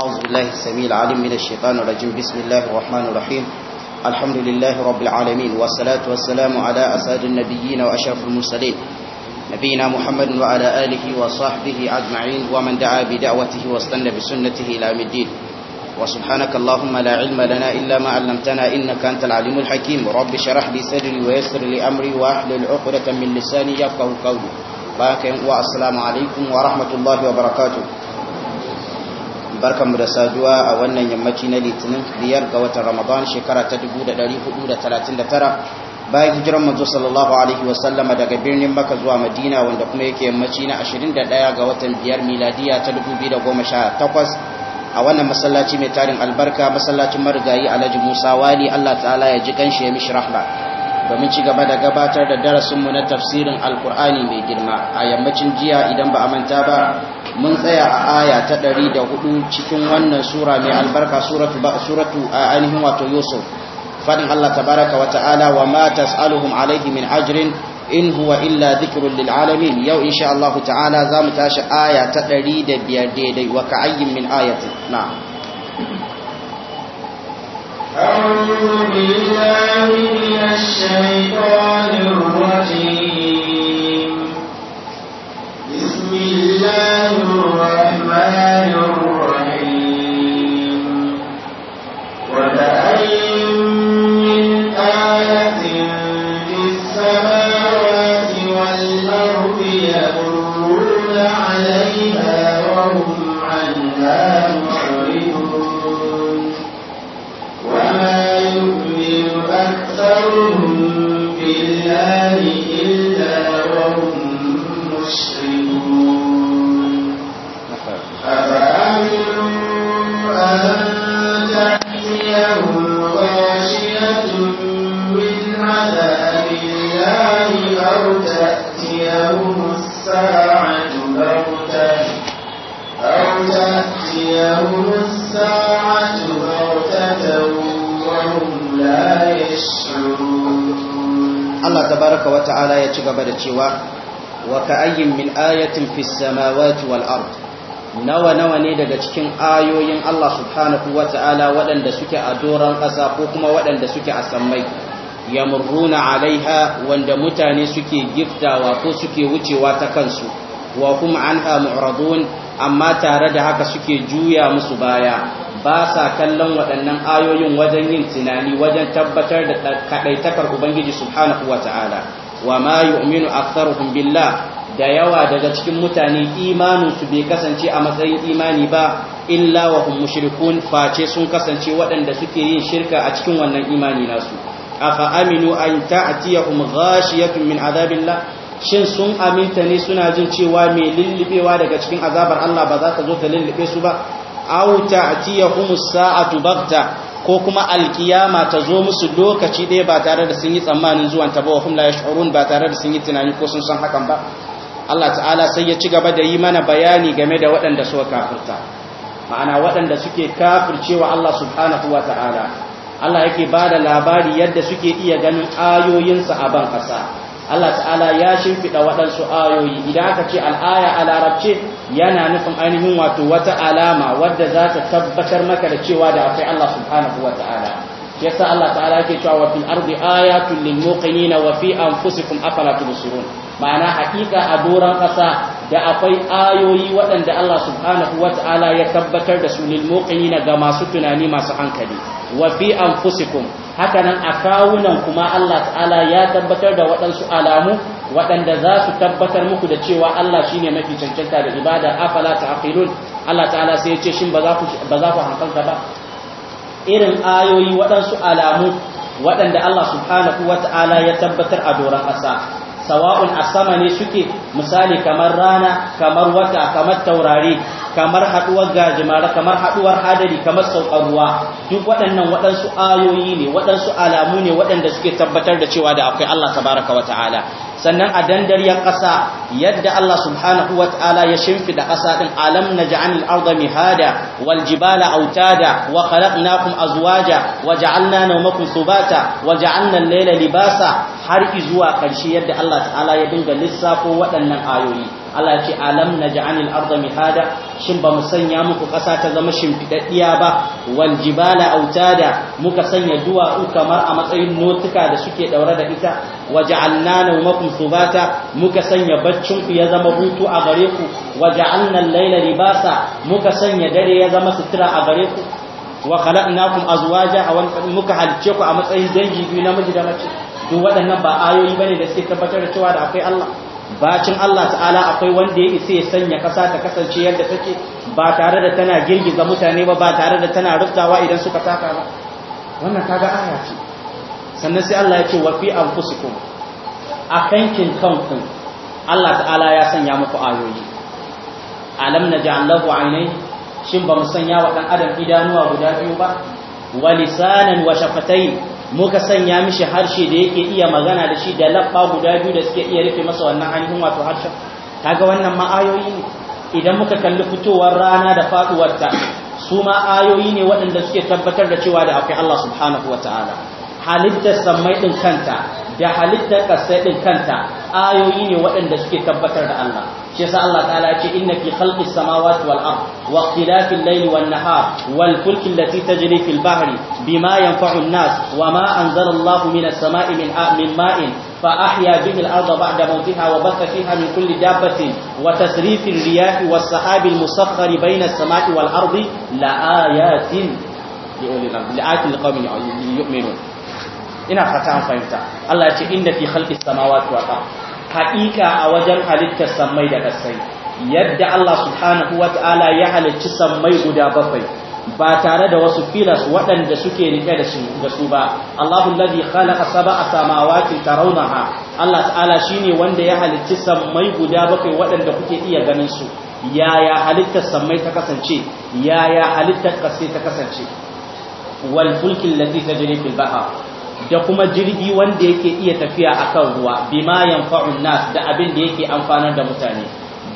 أعوذ بالله السميع العليم من الشيطان الرجيم بسم الله الرحمن الرحيم الحمد لله رب العالمين والصلاة والسلام على أسعد النبيين وأشرف المرسلين نبينا محمد وعلى آله وصحبه أجمعين ومن دعا بدعوته واستنى بسنته إلى يوم الدين وسبحانك اللهم لا علم لنا إلا ما علمتنا إنك أنت العليم الحكيم رب شرح لي صدري ويسر لي أمري وأحلل عقدة من لساني يفقه قولي بارك والسلام عليكم ورحمة الله وبركاته mu da saduwa a wannan yammaci na litinin biyar ga watan ramadan shekara ta 1439 bayan hijiran manzo sallallahu alaihi sallama, daga birnin maka zuwa madina wanda kuma yake yammaci na 21 ga watan biyar miladiya ta 2018 a wannan masallaci mai tarin albarka masallacin marigayi alhaji musa wali allah ta'ala ya ji kanshi ya mishi rahma domin ci gaba da gabatar da darasinmu na tafsirin alkur'ani mai girma a yammacin jiya idan ba a manta ba mun tsaya a aya ta 104 cikin wannan sura mai albarka suratu suratu ainihin wato yusuf fadin Allah tabaraka wa ta'ala wa ma tas'aluhum alayhi min ajrin in huwa illa dhikrun lil alamin yau insha Allah ta'ala zamu tashi aya ta 105 daidai wa ka'ayyin min ayati na'am أعوذ بالله من الشيطان الرجيم الله الرحمن الرحيم ولأن آية عليها وهم عنها تأتيهم الساعة بغتة وهم لا يشعرون الله تبارك وتعالى يتقب لتشوا وكأي من آية في السماوات والأرض nawa nawa ne daga cikin ayoyin Allah subhanahu wata'ala waɗanda suke a doron ƙasa ko kuma waɗanda suke a sammai yamurruna alaiha wanda mutane suke giftawa ko suke wucewa ta kansu wa kuma anha mu'radun amma tare da haka suke juya musu baya ba sa kallon waɗannan ayoyin wajen yin tunani wajen tabbatar da kaɗaitakar ubangiji subhanahu wa ta'ala wa ma yu'minu aktharuhum billah da yawa daga cikin mutane su bai kasance a matsayin imani ba illa wa hum mushrikun face sun kasance waɗanda suke yin shirka a cikin wannan imani nasu afa aminu an ta'tiyahum ghashiyatun min azabillah shin sun aminta ne suna jin cewa mai lullubewa daga cikin azabar Allah ba za ta zo ta lullube su ba aw ta'tiyahum as-sa'atu baghta ko kuma alkiyama ta zo musu lokaci ɗaya ba tare da sun yi tsammanin zuwan ta ba hum la yash'urun ba tare da sun yi tunani ko sun san hakan ba Allah ta'ala sai ya ci gaba da yi mana bayani game da waɗanda suka kafirta ma'ana waɗanda suke kafircewa Allah subhanahu wa ta'ala Allah yake ba da labari yadda suke iya ganin ayoyinsa a ban ƙasa Allah ta'ala ya shimfiɗa waɗansu ayoyi idan aka ce al'aya a larabce yana nufin ainihin wato wata alama wadda za ta tabbatar maka da cewa da akwai Allah subhanahu wa ta'ala yasa Allah ta'ala yake cewa wa fil ardi ayatun lil muqinina wa fi anfusikum afala tubsirun ma'ana hakika a doran kasa da akwai ayoyi waɗanda Allah subhanahu wa ta'ala ya tabbatar da su lil muqinina ga masu tunani masu hankali wa fi anfusikum hakanan a kawunan kuma Allah ta'ala ya tabbatar da waɗansu alamu waɗanda za su tabbatar muku da cewa Allah shine mafi cancanta da ibada afala ta'qilun Allah ta'ala sai ya ce shin ba za ku ba za ba irin ayoyi waɗansu alamu waɗanda Allah subhanahu wata'ala ya tabbatar a doron ƙasa sawa'un a sama ne suke misali kamar rana kamar wata kamar taurari kamar haduwar gajimare kamar haduwar hadari kamar saukar ruwa duk waɗannan waɗansu ayoyi ne waɗansu alamu ne waɗanda suke tabbatar da cewa da akwai Allah tabaraka wa ta'ala sannan a dandariyar ƙasa yadda Allah subhanahu wa ta'ala ya shimfida ƙasa din alam naj'al al Waljibala, mihada wal jibala autada wa khalaqnakum azwaja wa ja'alna nawmakum subata wa ja'alna al-layla libasa har izuwa ƙarshe yadda Allah Allah ta'ala ya dinga lissafo waɗannan ayoyi Allah ce alam ja'anil arda mihada shin ba mu sanya muku ƙasa ta zama shimfidaddiya ba wal jibala autada muka sanya duwatsu kamar a matsayin notuka da suke ɗaure da ita waja'alna nawmakum subata muka sanya baccin ku ya zama hutu a gare ku waja'alna al-laila libasa muka sanya dare ya zama sutura a gare ku wa khalaqnakum azwaja muka halicce ku a matsayin dangi biyu namiji da mace duk waɗannan ba ayoyi bane da suke tabbatar da cewa da akwai Allah bacin Allah ta'ala akwai wanda ya isa ya sanya ƙasa ta kasance yadda take ba tare da tana girgiza mutane ba ba tare da tana rubtawa idan suka taka ba wannan kaga aya ce sannan sai Allah ya ce wa fi anfusikum a kankin kanku Allah ta'ala ya sanya muku ayoyi alam naj'al lahu aynay shin ba mu sanya wa dan adam idanuwa guda biyu ba wa lisanan wa shafatayn muka sanya mishi harshe da yake iya magana da shi da laffa guda biyu da suke iya rufe masa wannan ainihin wato harshen kaga wannan ma ayoyi ne idan muka kalli fitowar rana da faduwarta su ma ayoyi ne waɗanda suke tabbatar da cewa da akwai Allah subhanahu wata'ala halittar sammai ɗin kanta da halittar kasai din kanta ayoyi ne waɗanda suke tabbatar da Allah shi yasa Allah ta'ala ya ce inna fi khalqis samawati wal ard wa ikhtilafil layli wan nahar wal fulki allati tajri fil bahri bima yanfa'u an-nas wa ma anzalallahu Allahu minas sama'i min ma'in فأحيا به الأرض بعد موتها وبث فيها من كل دابة وتسريف الرياح والسحاب المسخر بين السماء والأرض لآيات لآيات القوم يؤمنون ina fata an fahimta Allah ya ce inda fi khalqis samawati wal ard haqiqa a wajen halittar sammai da kasai yadda Allah subhanahu wataala ya halicci sammai guda bakwai ba tare da wasu filas waɗanda suke rike da su ba Allahu alladhi khalaqa sab'a samawati tarawnaha Allah ta'ala shine wanda ya halicci sammai guda bakwai waɗanda kuke iya ganin su yaya halittar sammai ta kasance yaya halittar ƙasai ta kasance wal fulkin lati tajri fil bahr da kuma jirgi wanda yake iya tafiya a kan ruwa bima yanfa'un nas da abin da yake amfanar da mutane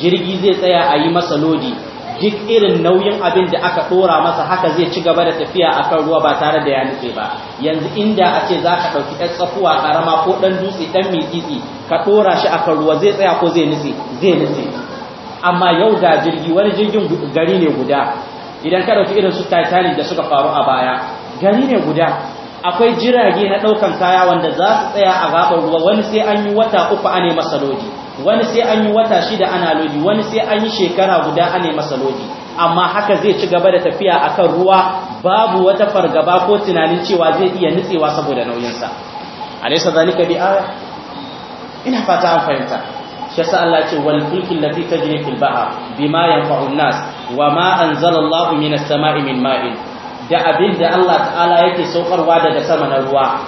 jirgi zai tsaya a yi masa lodi duk irin nauyin abin da aka dora masa haka zai ci gaba da tafiya a kan ruwa ba tare da ya nutse ba yanzu inda a ce za ka ɗauki ɗan tsakuwa ƙarama ko ɗan dutse ɗan mitsitsi ka dora shi kan ruwa zai tsaya ko zai nutse zai nutse amma yau da jirgi wani jirgin gari ne guda idan ka ɗauki irin su titanic da suka faru a baya gari ne guda akwai jirage na ɗaukan kaya wanda za su tsaya a gaɓar ruwa wani sai an yi wata uku ane masa loji wani sai an yi wata shida ana lodi wani sai an yi shekara guda ane masa loji amma haka zai ci gaba da tafiya akan ruwa babu wata fargaba ko tunanin cewa zai iya nutsewa saboda nauyinsa alaysa zalika bi ina fata an fahimta shi yasa Allah ce wal fulki allati tajri fil bahr bima yanfa'u an-nas wa ma anzalallahu minas sama'i min ma'in da abin da Allah ta'ala yake saukarwa daga sama na ruwa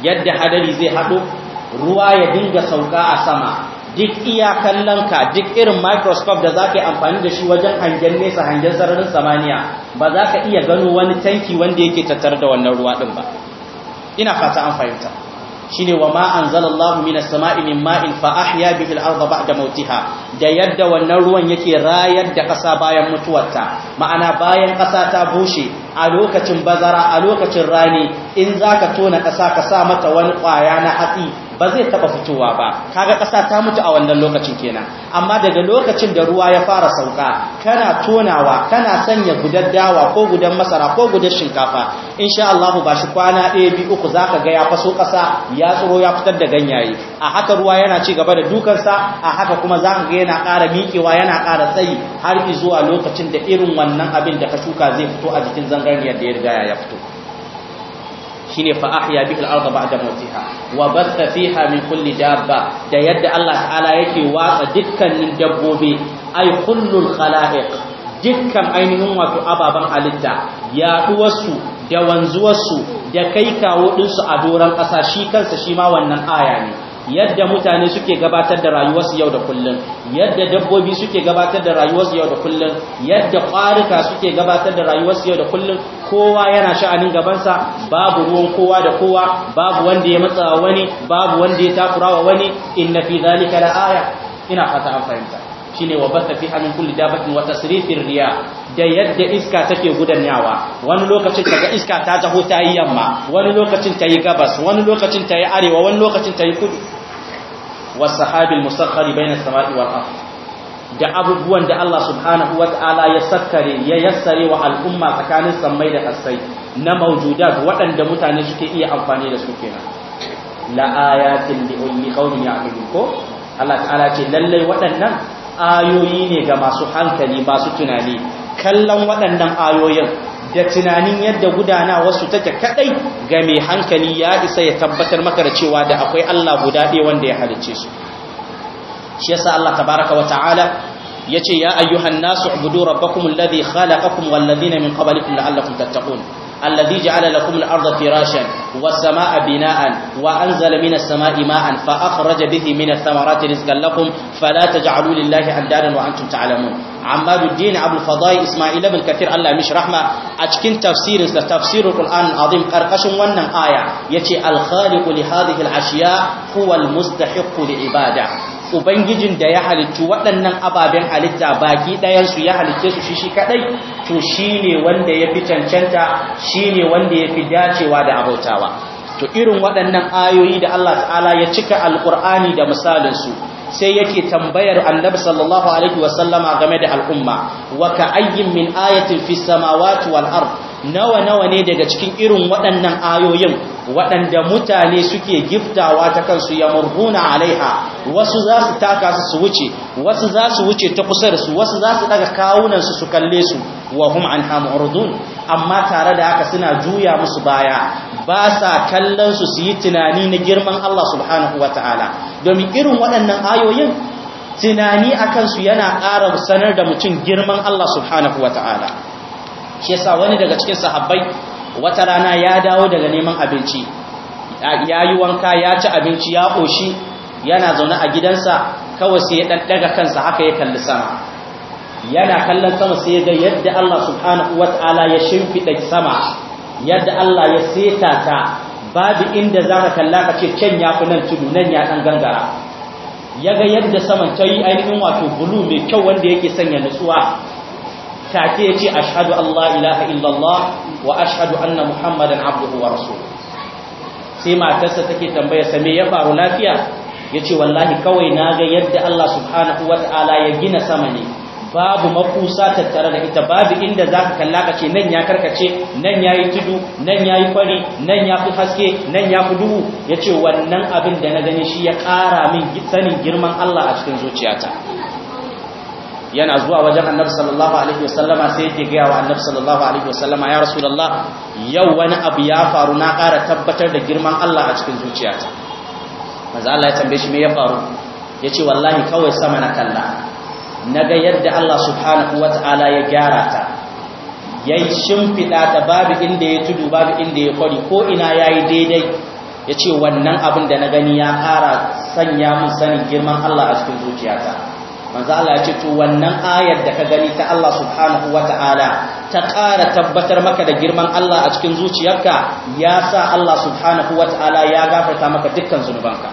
yadda hadari zai haɗo ruwa ya dinga sauka a sama duk iya duk irin microscope da zaka yi amfani da shi wajen hangen nesa hangen sararin samaniya ba za ka iya gano wani tanki wanda yake tattar da wannan ruwa ɗin ba ina fata an fahimta shine wa ma anzalallahu minas sama'i min ma'in fa ahya bihi al-ardha ba'da mawtiha da yadda wannan ruwan yake rayar da ƙasa bayan mutuwarta ma'ana bayan ƙasa ta bushe a lokacin bazara a lokacin rani in zaka tona ƙasa ka sa mata wani ƙwaya na hatsi ba zai taba fitowa ba kaga ƙasa ta mutu a wannan lokacin kenan amma daga lokacin da ruwa ya fara sauka kana tonawa kana sanya gudar dawa ko gudan masara ko gudan shinkafa insha Allah ba shi kwana ɗaya biyu uku zaka ga ya faso kasa ya tsoro ya fitar da ganyaye a haka ruwa yana ci gaba da dukansa a haka kuma zaka ga yana ƙara mikewa yana ƙara tsayi har zuwa lokacin da irin wannan abin da ka shuka zai fito a jikin zangarniyar da ya riga ya fito shine fa ahya bihi al-ardh ba'da mawtiha wa batha fiha min kulli dabba da yadda Allah ta'ala yake watsa dukkanin dabbobi ay kullul khalaiq dukkan ainihin wato ababan halitta yaɗuwarsu da wanzuwarsu da kai kawo ɗinsu a doron ƙasa shi kansa shi ma wannan aya ne yadda mutane suke gabatar da rayuwarsu yau da kullum yadda dabbobi suke gabatar da rayuwarsu yau da kullum yadda ƙwarika suke gabatar da rayuwarsu yau da kullum kowa yana sha'anin gabansa babu ruwan kowa da kowa babu wanda ya matsa wani babu wanda ya takurawa wani inna fi zalika la'aya ina fata an fahimta shine wa batha fi amin kulli dabatin wa tasrifir riya da yadda iska take gudanyawa wani lokacin kaga iska ta taho ta yamma wani lokacin ta yi gabas wani lokacin ta yi arewa wani lokacin ta yi kudu wasahabil musakhkhari bainas samai wal ardh da abubuwan da Allah subhanahu wata'ala ya sakkare ya yassare wa al'umma tsakanin sammai da kasai na maujudat waɗanda mutane suke iya amfani da su kenan la ayatin li ulmi qaumin ya'qilun ko Allah ta'ala ce lalle waɗannan ayoyi ne ga masu hankali masu tunani kallon waɗannan ayoyin da tunanin yadda gudanawarsu take kadai ga mai hankali ya isa ya tabbatar maka da cewa da akwai Allah guda ɗaya wanda ya halicce su shi yasa Allah tabaraka wata'ala yace ya ayyuhan nasu ubudu rabbakum alladhi khalaqakum wal ladina min qablikum la'allakum tattaqun alladhi ja'ala lakum al-ardha firashan was-samaa'a binaa'an wa anzala minas samaa'i maa'an fa akhraja bihi minath thamarati rizqan lakum fala taj'alu lillahi andadan wa antum ta'lamun Ammaduddin Abdul Fadai Ismail ibn Kathir Allah mishi rahma a cikin tafsirin sa tafsirul Qur'an azim karkashin wannan aya yace al-khaliqu li hadhihi ashiya huwa al li ibada ubangijin da ya halittu waɗannan ababen halitta baki ɗayansu ya halitte su shi shi kaɗai to shi ne wanda ya fi cancanta shi ne wanda ya fi dacewa da abautawa to irin waɗannan ayoyi da Allah ta'ala ya cika alƙur'ani da misalinsu sai yake tambayar annabi sallallahu alaihi wasallama game da al'umma wa ka ayyin min ayatin fis samawati wal ard nawa-nawa ne daga cikin irin waɗannan ayoyin waɗanda mutane suke giftawa ta kansu ya murhuna alaiha wasu za su taka su su wuce wasu za su wuce ta kusa da su wasu za su daga kawunansu su kalle su wa hum an hamu'urdun amma tare da haka suna juya musu baya ba sa kallon su su yi tunani na girman Allah subhanahu wa ta'ala domin irin waɗannan ayoyin tunani a kansu yana ƙara sanar da mutum girman Allah subhanahu wa ta'ala shi yasa wani daga cikin sahabbai wata rana ya dawo daga neman abinci ya yi wanka ya ci abinci ya koshi yana zaune a gidansa kawai sai ya dan kansa haka ya kalli sama yana kallon sama sai ga yadda Allah subhanahu wataala ya shimfida sama yadda Allah ya seta ta babu inda za kalla ka ce ken ya fi nan tudu nan ya dan gangara ya ga yadda saman ta yi ainihin wato bulu mai kyau wanda yake sanya nutsuwa take yace ashhadu Allah ilaha illallah wa ashadu anna muhammadan abduhu wa rasuluhu sai matarsa take tambaya same me ya faru lafiya yace wallahi kawai na ga yadda Allah subhanahu Ta'ala ya gina sama ne babu makusa tattare da ita babu inda zaka kalla ka ce nan ya karkace nan yayi tudu nan yayi fari nan ya fi haske nan ya fi duhu yace wannan abin da na gani shi ya ƙara min sanin girman Allah a cikin zuciyata yana zuwa wajen annabi sallallahu alaihi wasallama sai yake gaya wa annabi sallallahu alaihi wasallama ya rasulullah yau wani abu ya faru na ƙara tabbatar da girman Allah a cikin zuciyata manzo Allah ya tambaye shi me ya faru yace wallahi kawai sama na kalla naga yadda Allah subhanahu wataala ya gyara ta yayi shimfida ta babu inda ya tudu babu inda ya kwari ko ina yayi daidai yace wannan abin da na gani ya ƙara sanya min sanin girman Allah a cikin zuciyata manzo Allah ya ce to wannan ayar da ka gani ta Allah subhanahu wata'ala ta ƙara tabbatar maka da girman Allah a cikin zuciyarka ya sa Allah subhanahu wata'ala ya gafarta maka dukkan zunubanka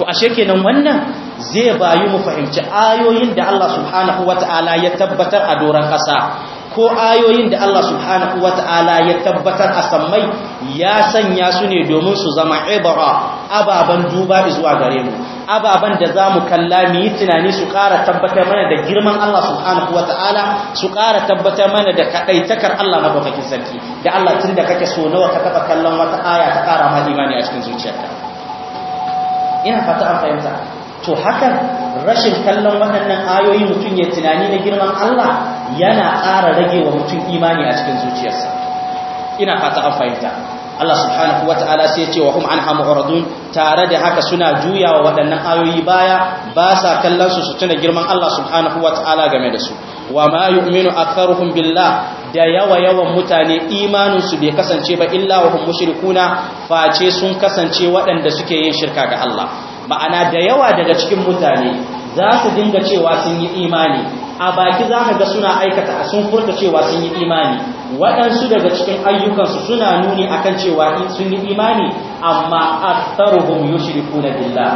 to ashe kenan wannan zai bayu mu fahimci ayoyin da Allah subhanahu wata'ala ya tabbatar a doran ƙasa ko ayoyin da Allah subhanahu wata'ala ya tabbatar a sammai ya sanya su ne domin su zama ibra ababan duba zuwa gare mu Ababan da za mu kalla mu yi tunani su ƙara tabbatar mana da girman Allah subhanahu wa ta'ala su ƙara tabbatar mana da kaɗaitakar Allah maɗaukakin sarki da Allah tun da kake so nawa ka taɓa kallon wata aya ta ƙara ma imani a cikin zuciyarka ina fata an fahimta to haka rashin kallon waɗannan ayoyi mutum ya tunani na girman Allah yana ƙara rage wa mutum imani a cikin zuciyarsa ina fata an fahimta Allah subhanahu wata'ala sai ce wa hum anha mu'radun tare da haka suna juyawa waɗannan ayoyi baya ba sa kallon su su tuna girman Allah subhanahu wata'ala game da su wa ma yu'minu aktharuhum billah da yawa yawan mutane imanin su bai kasance ba illa wa hum mushrikuna face sun kasance waɗanda suke yin shirka ga Allah ma'ana da yawa daga cikin mutane za su dinga cewa sun yi imani a baki za ka ga suna aikata sun furta cewa sun yi imani waɗansu daga cikin ayyukansu suna nuni akan cewa sun yi imani amma aktharuhum na billah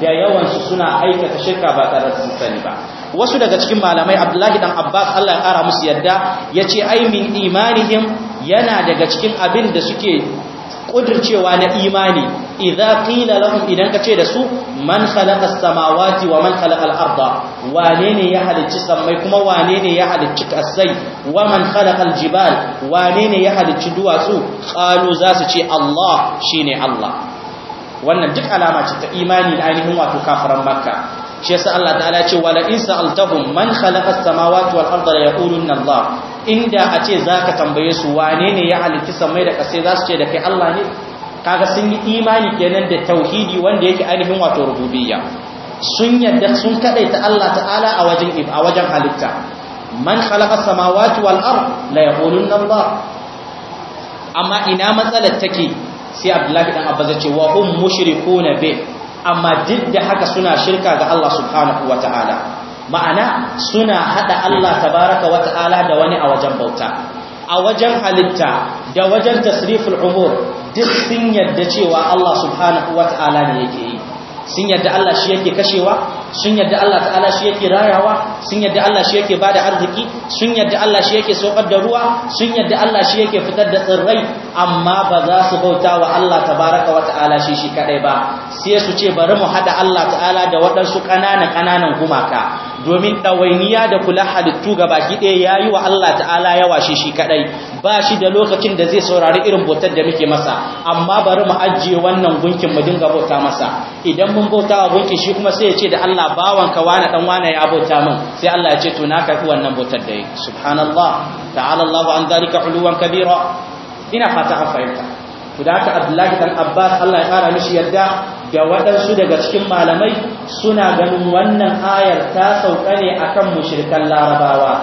da yawansu suna aikata shirka ba tare da sani ba wasu daga cikin malamai Abdullahi dan Abbas Allah ya kara musu yadda yace ai min imanihim yana daga cikin abin da suke kudircewa na imani idza qila lahum idan kace da su man khalaqa samawati wa man khalaqa al-arda wane ne ya halicci sammai kuma wane ne ya halicci kasai wa man khalaqa al-jibal wane ne ya halicci duwatsu qalu za su ce Allah shine Allah wannan duk alama ce ta imani da ainihin wato kafiran makka shi yasa Allah ta'ala ce wala in sa'altahum man khalaqa as-samawati wal arda la yaquluna Allah inda a ce zaka tambaye su wane ne ya halitta samai da kasai zasu ce da kai Allah ne kaga sun yi imani kenan da tauhidi wanda yake ainihin wato rububiyya sun yadda sun kadaita Allah ta'ala a wajen a wajen halitta man khalaqa as-samawati wal ard la yaquluna Allah amma ina matsalar take sai Abdullahi dan Abba zai ce wa hum mushrikuuna bih amma duk da haka suna shirka ga Allah subhanahu wa ta'ala ma'ana suna haɗa Allah tabaraka wa ta'ala da wani a wajen bauta a wajen halitta da wajen tasriful umur duk sun yadda cewa Allah subhanahu wa ta'ala ne yake yi sun yadda Allah shi yake kashewa sun yadda Allah ta'ala shi yake rayawa sun yadda Allah shi yake bada arziki sun yadda Allah shi yake sokar da ruwa sun yadda Allah shi yake fitar da tsirrai amma ba za su bauta wa Allah tabaraka wa ta'ala shi shi kadai ba sai su ce bari mu hada Allah ta'ala da waɗansu ƙananan ƙananan gumaka domin ɗawainiya da kula halittu ga baki ɗaya ya yi wa Allah ta'ala yawa shi shi kaɗai ba shi da lokacin da zai saurari irin botar da muke masa amma bari mu ajiye wannan gunkin mu dinga bauta masa idan mun bauta wa gunkin shi kuma sai ya ce da Allah bawan ka wani dan wani ya bauta min sai Allah ya ce to na karɓi wannan botar da yi subhanallah ta'ala Allah an zalika huluwan kabira ina fata an fahimta ku haka Abdullahi dan Abbas Allah ya kara mishi yadda ga waɗansu daga cikin malamai suna ganin wannan ayar ta sauka ne akan mushrikan larabawa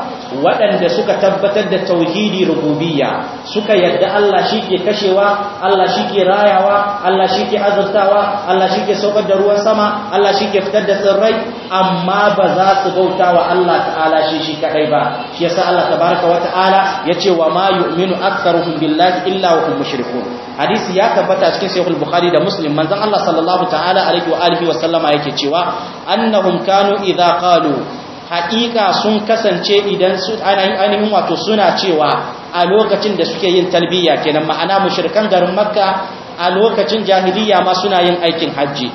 waɗanda suka tabbatar da tauhidi rububiyya suka yadda Allah shi ke kashewa Allah shi ke rayawa Allah shi ke azurtawa Allah shi ke saukar da ruwan sama Allah shi ke fitar da tsirrai amma ba za su bauta wa Allah ta'ala shi shi kadai ba shi yasa Allah tabaraka wa ta'ala ce wa ma yu'minu aktsaruhum billahi illa wa hum mushrikun hadisi ya tabbata cikin sahih al-bukhari da muslim manzon Allah sallallahu ta'ala alaihi wa alihi wa sallama yake cewa annahum kanu idza qalu haƙiƙa sun kasance idan su ainihin wato suna cewa a lokacin da suke yin talbiya kenan ma'ana mushrikan garin makka a lokacin jahiliya ma suna yin aikin hajji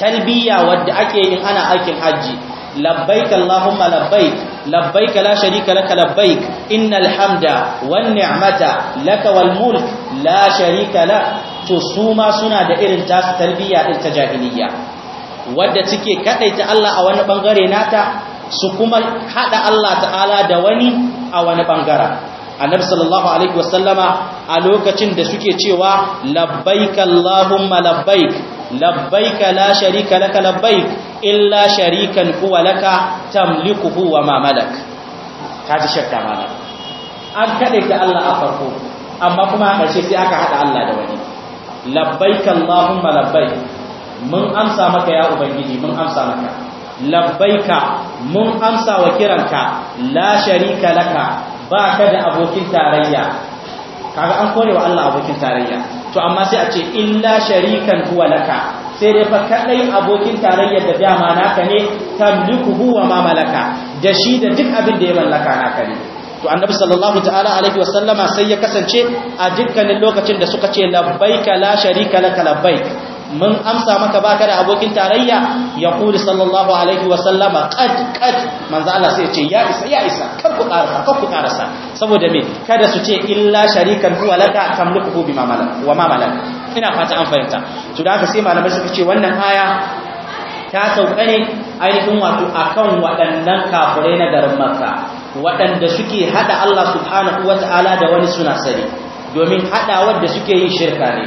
talbiya wadda ake yin ana aikin hajji labbaik allahumma labbaik labbaik la sharika laka labbaik innal hamda wan ni'mata laka wal mulk la sharika la. to suma suna da irin tasu talbiya din ta jahiliya wadda suke kadaita Allah a wani bangare nata su kuma hada Allah ta'ala da wani a wani bangara annabi sallallahu alaihi wasallama a lokacin da suke cewa labba'ika allahumma labbaik labbaik la sharika laka labbaik illa sharikan huwa laka tamlikuhu wa ma malak kaji shakka mana an kadaita Allah a farko amma kuma a ƙarshe sai aka hada Allah da wani Labba'ika allahumma labbaik mun amsa maka ya ubangiji mun amsa maka labbaika mun amsa wa kiranka la sharika laka ba ka da abokin tarayya kaga an kore wa Allah abokin tarayya to amma sai a ce illa sharikan huwa laka sai dai fa kadai abokin tarayyar da dama naka ne tamliku huwa ma malaka da shi da duk abin da ya mallaka naka ne to annabi sallallahu ta'ala alaihi wasallama sai ya kasance a dukkanin lokacin da suka ce labbaika la sharika laka labbaik mun amsa maka baka da abokin tarayya ya kuli sallallahu alaihi wa sallama qad qad manzo Allah sai ya ce ya isa ya isa kar ku karasa kar saboda me kada su ce illa sharikan huwa laka tamliku bima malak wa ma malak ina fata fahimta to da haka sai malamai suka ce wannan aya ta sauka ne ainihin wato akan waɗannan kafurai na garin maka. waɗanda suke haɗa Allah subhanahu wata'ala da wani suna sari. domin haɗa da suke yin shirka ne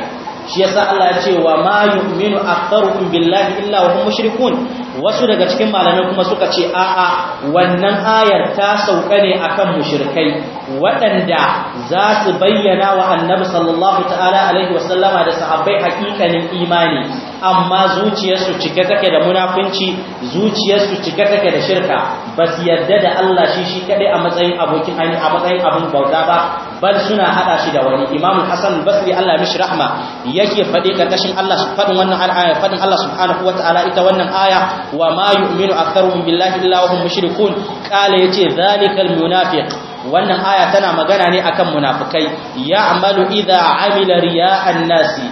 shi yasa Allah ya ce wa ma yu'minu aktharukum billahi illa wa hum mushrikun wasu daga cikin malamai kuma suka ce a'a wannan ayar ta sauka ne akan mushrikai waɗanda za su bayyana wa annabi sallallahu ta'ala alaihi wasallama da sahabbai hakikanin imani amma zuciyarsu cike take da munafunci zuciyarsu cike take da shirka ba su yarda da Allah shi shi kadai a matsayin abokin hani a matsayin abin bauta ba bal suna hada shi da wani imam hasan basri Allah mishi rahma yake faɗi karkashin Allah fadin wannan ayar fadin Allah subhanahu wa ta'ala ita wannan aya wa ma yu'minu aktharuhum billahi illa hum mushrikun qala yace zalikal munafiq wannan aya tana magana ne akan munafikai ya'malu idha amila riya'an nasi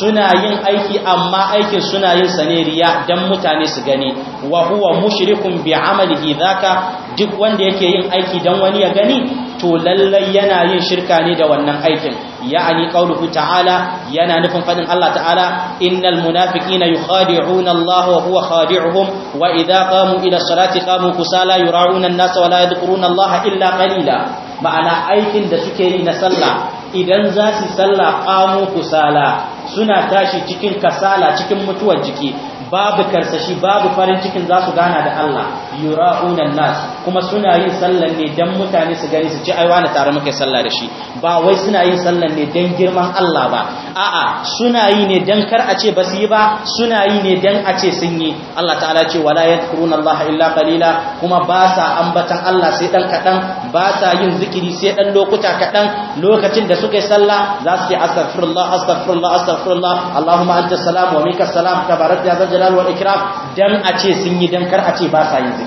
suna yin aiki amma aikin suna yin sa ne riya dan mutane su gani wa huwa mushrikun bi amalihi zaka duk wanda yake yin aiki dan wani ya gani to lallai yana yin shirka ne da wannan aikin ya'ani qauluhu ta'ala yana nufin faɗin Allah ta'ala innal munafiqina yukhadi'una Allah wa huwa khadi'uhum wa idza qamu ila salati qamu kusala yura'una an-nasa wa la yadhkuruna Allah illa qalila ma'ana aikin da suke yi na sallah idan za su sallah qamu kusala suna tashi cikin kasala cikin mutuwar jiki babu karsashi babu farin cikin za su gana da Allah yura'unan nas kuma suna yin sallan ne dan mutane su gani su ci aiwa na tare muke sallah da shi ba wai suna yin sallan ne dan girman Allah ba a'a suna yi ne dan kar a ce ba su yi ba suna yi ne dan a ce sun yi Allah ta'ala ce wala yadhkuruna Allah illa qalila kuma ba sa ambatan Allah sai dan kadan ba sa yin zikiri sai dan lokuta kadan lokacin da suka yi sallah za su ce astaghfirullah astaghfirullah astaghfirullah Allahumma anta salam wa minka salam tabarakta ya zal jalal wal ikram dan a ce sun yi dan kar a ce ba sa yin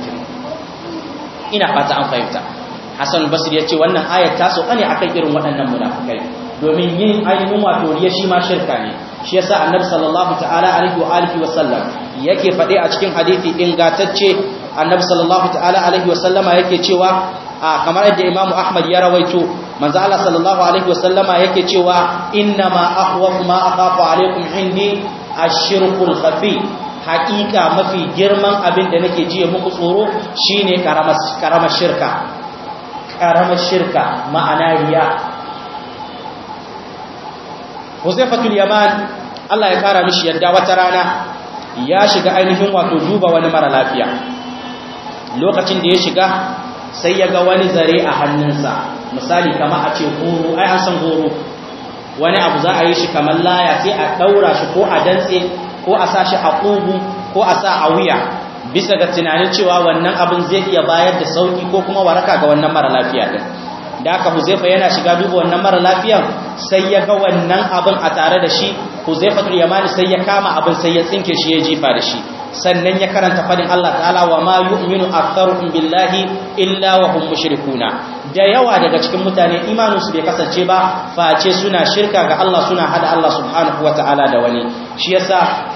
ina fata an fahimta Hassan Basri ya ce wannan ayat ta sauka ne akan irin waɗannan munafikai domin yin ainihin wato riya shi ma shirka ne shi yasa Annabi sallallahu ta'ala alaihi wa alihi wa sallam yake faɗe a cikin hadisi ingatacce Annabi sallallahu ta'ala alaihi wa sallama yake cewa A kamar yadda Imam Ahmad ya rawaito manzo Allah sallallahu alaihi wa sallama yake cewa inna ma ahwa ma aqafu alaikum indi ashirkul khafi haƙiƙa mafi girman abin da nake jiya muku tsoro shine karamar shirka karamar shirka ma'ana riya Huzaifatul Yaman Allah ya kara mishi yadda wata rana ya shiga ainihin wato duba wani mara lafiya lokacin da ya shiga sai ya ga wani zare a hannunsa misali kama a ce goro ai an san goro. wani abu za a yi shi kamar laya sai a daura shi ko a dantse ko a sa shi a ƙugu ko a sa a wuya bisa ga tunanin cewa wannan abin zai iya bayar da sauki ko kuma waraka ga wannan mara lafiya ɗin da aka huzefa yana shiga duba wannan mara lafiyan sai ya ga wannan abin a tare da shi huzaifatul yamani sai ya kama abin sai ya tsinke shi ya jifa da shi sannan ya karanta fadin Allah ta'ala wa ma yu'minu aktharuhum billahi illa wa hum mushrikuna da yawa daga cikin mutane imanin su bai kasance ba face suna shirka ga Allah suna hada Allah subhanahu Ta'ala da wani shi yasa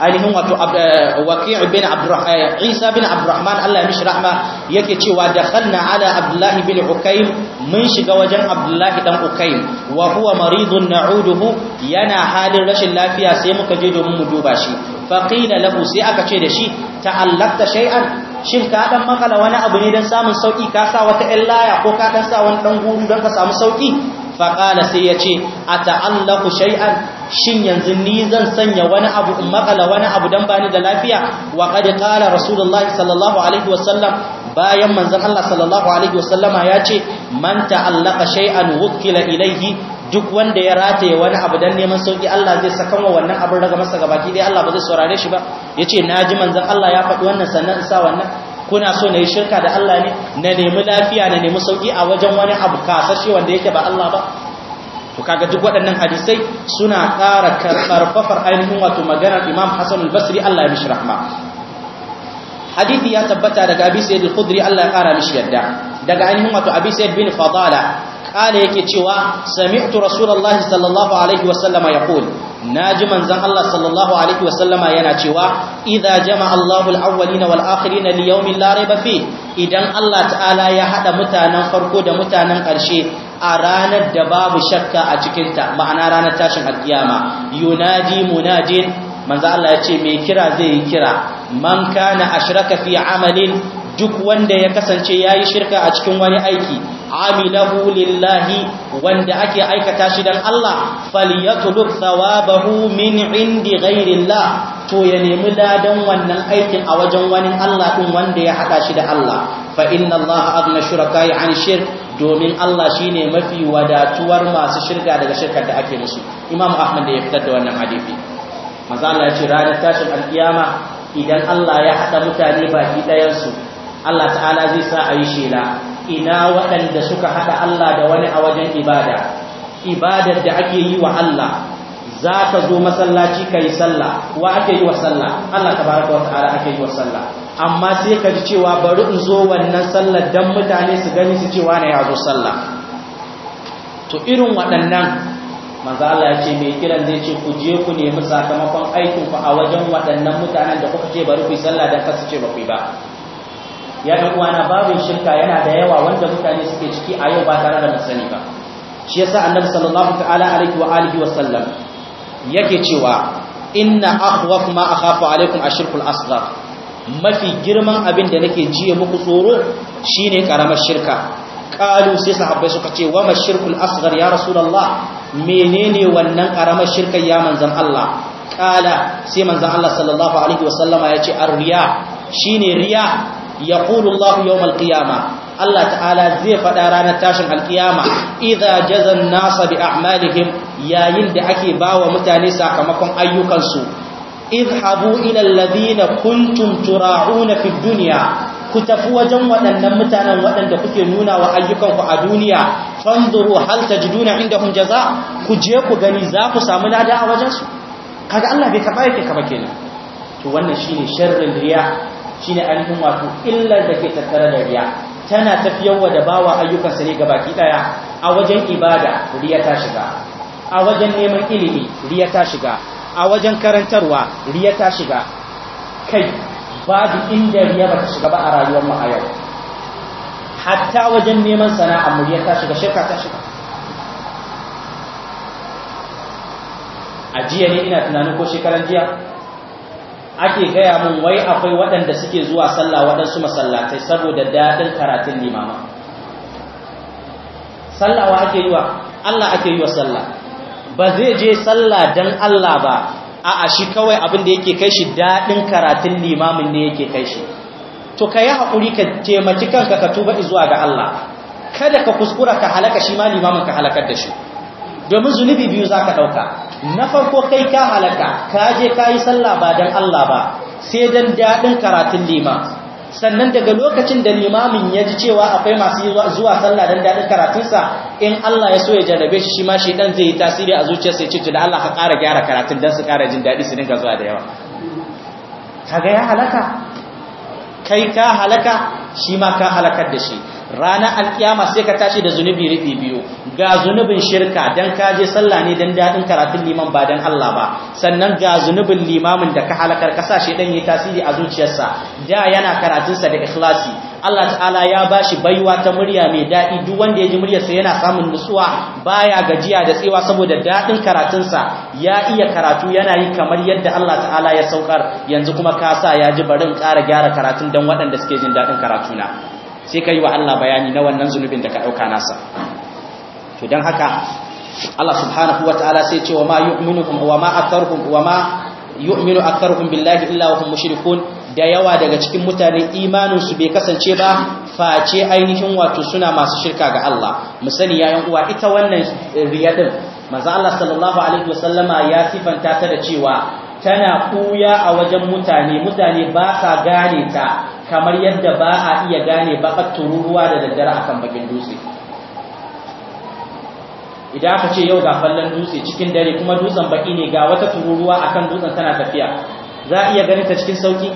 ainihin wato eh, waqi'u bin abdurrahman eh, isa bin abdurrahman Allah ya mishi rahma yake cewa dakhalna ala abdullahi bin ukaym mun shiga wajen abdullahi dan ukaym wa huwa maridun na'uduhu yana halin rashin lafiya sai muka je domin mu duba shi faqila lahu sai aka ce da shi ta'allaqta shay'an shin ka dan makala wani abu ne dan samun sauki ka sa wata illaya laya ko ka dan sa wani dan guru dan ka samu sauki faqala sai ya ce ta'allaku shay'an shin yanzu ni zan sanya wani abu in makala wani abu dan bani da lafiya wa qad qala rasulullahi sallallahu alaihi wasallam bayan manzon Allah sallallahu alaihi wasallama ya ce man ta'allaqa shay'an wukila ilayhi duk wanda ya rataye wani abu dan neman sauki Allah zai saka wa wannan abin daga masa gabaki dai Allah ba zai saurare shi ba yace naji manzon Allah ya faɗi wannan sannan sa wannan kuna so na yi shirka da Allah ne na nemi lafiya na nemi sauki a wajen wani abu kasashe wanda yake ba Allah ba to kaga duk waɗannan hadisai suna ƙara karfafar ainihin wato maganar Imam Hassan al-Basri Allah ya mishi rahma hadisi ya tabbata daga Abi Sa'id al-Khudri Allah ya ƙara mishi yadda daga ainihin wato Abi bin Fadala ƙala yake cewa sami'tu Rasulullah sallallahu alaihi wa sallama yaqul naji manzon Allah sallallahu alaihi wa sallama yana cewa idza jama'a Allahu al-awwalina wal akhirina li yawmin la rayba fi idan Allah ta'ala ya hada mutanen farko da mutanen ƙarshe a ranar da babu shakka a cikinta ma'ana ranar tashin alkiyama yunadi munadin manzo Allah ya ce mai kira zai yi kira man kana ashraka fi amalin duk wanda ya kasance yayi shirka a cikin wani aiki amilahu lillahi wanda ake aikata shi dan Allah falyatlub thawabahu min indi ghairillah to ya nemi ladan wannan aikin a wajen wani Allah din wanda ya hada shi da Allah fa inna Allah adna shuraka an shirk domin Allah shine mafi wadatuwar masu shirka daga shirkar da ake musu Imam Ahmad da ya fitar da wannan hadisi manzo Allah ya ce ranar tashin alkiyama idan Allah ya haɗa mutane baki ɗayansu Allah ta'ala zai sa a yi shela ina waɗanda suka haɗa Allah da wani a wajen ibada ibadar da ake yi wa Allah za ka zo masallaci ka yi sallah wa ake yi wa sallah Allah tabaraka wa ta'ala ake yi wa sallah amma sai ka ji cewa bari in zo wannan sallar don mutane su gani su cewa na yazo sallah to irin waɗannan manzo Allah ya ce mai kiran zai ce ku je ku nemi sakamakon aikin ku a wajen waɗannan mutanen da kuka ce bari ku sallah dan kasu ce ba ku ba ya uwana babin shirka yana da yawa wanda mutane suke ciki a yau ba tare da musani ba shi yasa annabi sallallahu ta'ala alaihi wa alihi wa sallam yake cewa inna akhwaf ma akhafu alaikum ashirkul asghar mafi girman abin da nake jiya muku tsoro shine karamar shirka qalu sai sahabbai suka ce wa mashirkul asghar ya rasulullah menene wannan karamar shirka ya manzon Allah qala sai manzon Allah sallallahu alaihi wasallama yace arriya shine riya yaqulu Allah yawm al Allah ta'ala zai faɗa ranar tashin alkiyama idza jazan nasa bi a'malihim yayin da ake bawa mutane sakamakon ayyukansu idhabu ila alladhina kuntum tura'una fid dunya ku tafi wajen waɗannan mutanen waɗanda kuke nuna wa ayyukanku a duniya fanzuru hal tajiduna indahum jaza ku je ku gani za ku samu lada a wajen su kaga Allah bai kaba yake kaba kenan to wannan shine sharrin riya shine ainihin wato illar da ke tattare da riya tana tafiyarwa da bawa ayyukansa ne gabaki daya a wajen ibada riya ta shiga a wajen neman ilimi riya ta shiga a wajen karantarwa riya ta shiga kai babu inda riya ba ta shiga ba a rayuwar mu a yau hatta wajen neman sana'a mu riya ta shiga shirka ta shiga a ne ina tunanin ko shekaran jiya ake gaya mun wai akwai waɗanda suke zuwa sallah waɗansu masallatai saboda daɗin karatun limama sallawa ake yi wa Allah ake yi wa sallah ba zai je sallah dan Allah ba a shi kawai abin da yake kai shi daɗin karatun limamin ne yake kai shi to ka yi haƙuri ka taimaki kanka ka tuba zuwa ga Allah kada ka kuskura ka halaka shi ma limamin ka halakar da shi domin zunubi biyu zaka ka ɗauka na farko kai ka halaka ka je ka yi sallah ba dan Allah ba sai dan daɗin karatun lima sannan daga lokacin da limamin ya ji cewa akwai masu zuwa sallah don daɗin karatunsa in Allah ya so ya jarrabe shi shi ma shi ɗan zai yi tasiri a zuciya ya ce da Allah ka ƙara gyara karatun don su ƙara jin daɗi su dinga zuwa da yawa kaga ya halaka kai ka halaka shi ma ka halakar da shi ranar alkiyama sai ka tashi da zunubi rufi biyu ga zunubin shirka dan ka je sallah ne dan daɗin karatun liman ba dan Allah ba sannan ga zunubin limamin da ka halakar ka sa shedan yi tasiri a zuciyarsa da yana karatun sa da ikhlasi Allah ta'ala ya bashi baiwa ta murya mai daɗi duk wanda ya ji muryarsa yana samun nutsuwa baya gajiya da tsewa saboda daɗin karatunsa ya iya karatu yana yi kamar yadda Allah ta'ala ya saukar yanzu kuma ka sa ya ji barin ƙara gyara karatun don waɗanda suke jin daɗin na sai ka yi wa Allah bayani na wannan zunubin da ka ɗauka nasa to dan haka Allah subhanahu wataala sai ce wa ma yu'minukum wa ma aktharukum wa ma yu'minu aktharukum billahi illa wa hum mushrikun da yawa daga cikin mutane imanin su bai kasance ba face ainihin wato suna masu shirka ga Allah mu sani yayin uwa ita wannan eh, riyadin manzo Allah sallallahu alaihi wasallama ya sifanta ta da cewa tana kuya a wajen mutane mutane ba sa gane ta kamar yadda ba a iya gane baƙar tururuwa da daddare akan bakin dutse idan aka ce yau ga fallan dutse cikin dare kuma dutsen baki ne ga wata tururuwa akan dutsen tana tafiya za a iya ganin ta cikin sauki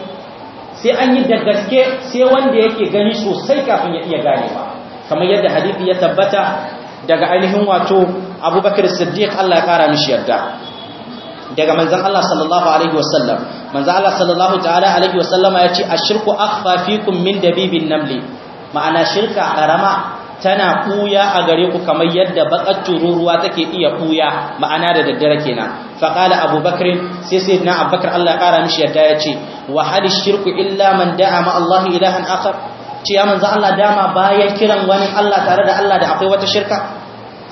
sai an yi da gaske sai wanda yake gani sosai kafin ya iya gane ganewa kamar yadda hadisi ya tabbata daga ainihin wato abubakar siddiq Allah ya kara mishi yarda daga manzon Allah sallallahu alaihi wasallam manzon Allah sallallahu ta'ala alaihi wasallama ya ce ashirku akhfa fikum min dabibin namli ma'ana shirka karama tana kuya a gare ku kamar yadda bakar tururuwa take iya kuya ma'ana da daddare kenan fa qala abubakar sai sai na abubakar Allah ya kara mishi yadda yace, ce wa hal shirku illa man da'a ma Allah ilahan akhar ce manzo Allah dama bayan kiran wani Allah tare da Allah da akwai wata shirka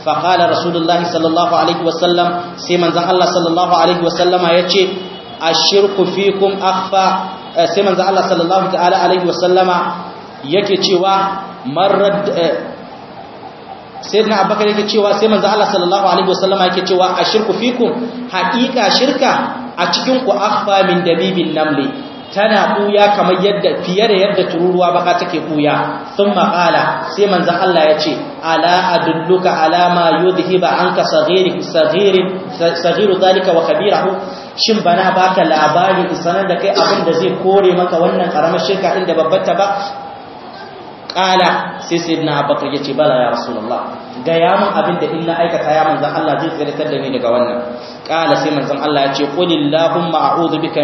fa qala rasulullahi sallallahu alaihi wasallam sai manzo Allah sallallahu alaihi wasallama yace ashirku fikum akhfa eh, sai manzo Allah sallallahu ta'ala alaihi wasallama yake cewa marrad eh, sayyidina abubakar yake cewa sai manzo Allah sallallahu alaihi wasallam yake cewa ashirku fikum haqiqa shirka a cikin ku akhfa min dabibin namli tana buya kamar yadda fiye da yadda tururuwa baka take buya thumma qala sai manzo Allah yace ala adulluka ala ma yudhiba anka saghiri saghirin saghiru zalika wa kabirahu shin bana baka labari sanar da kai abin da zai kore maka wannan karamar shirka inda babbar ta ba ƙala sai sai na abakar ya ce bala ya rasulullah ga yamin abin da in na aikata ya manzan Allah zai tsirkar da ni daga wannan ƙala sai manzan Allah ya ce qulillahumma a'udhu bika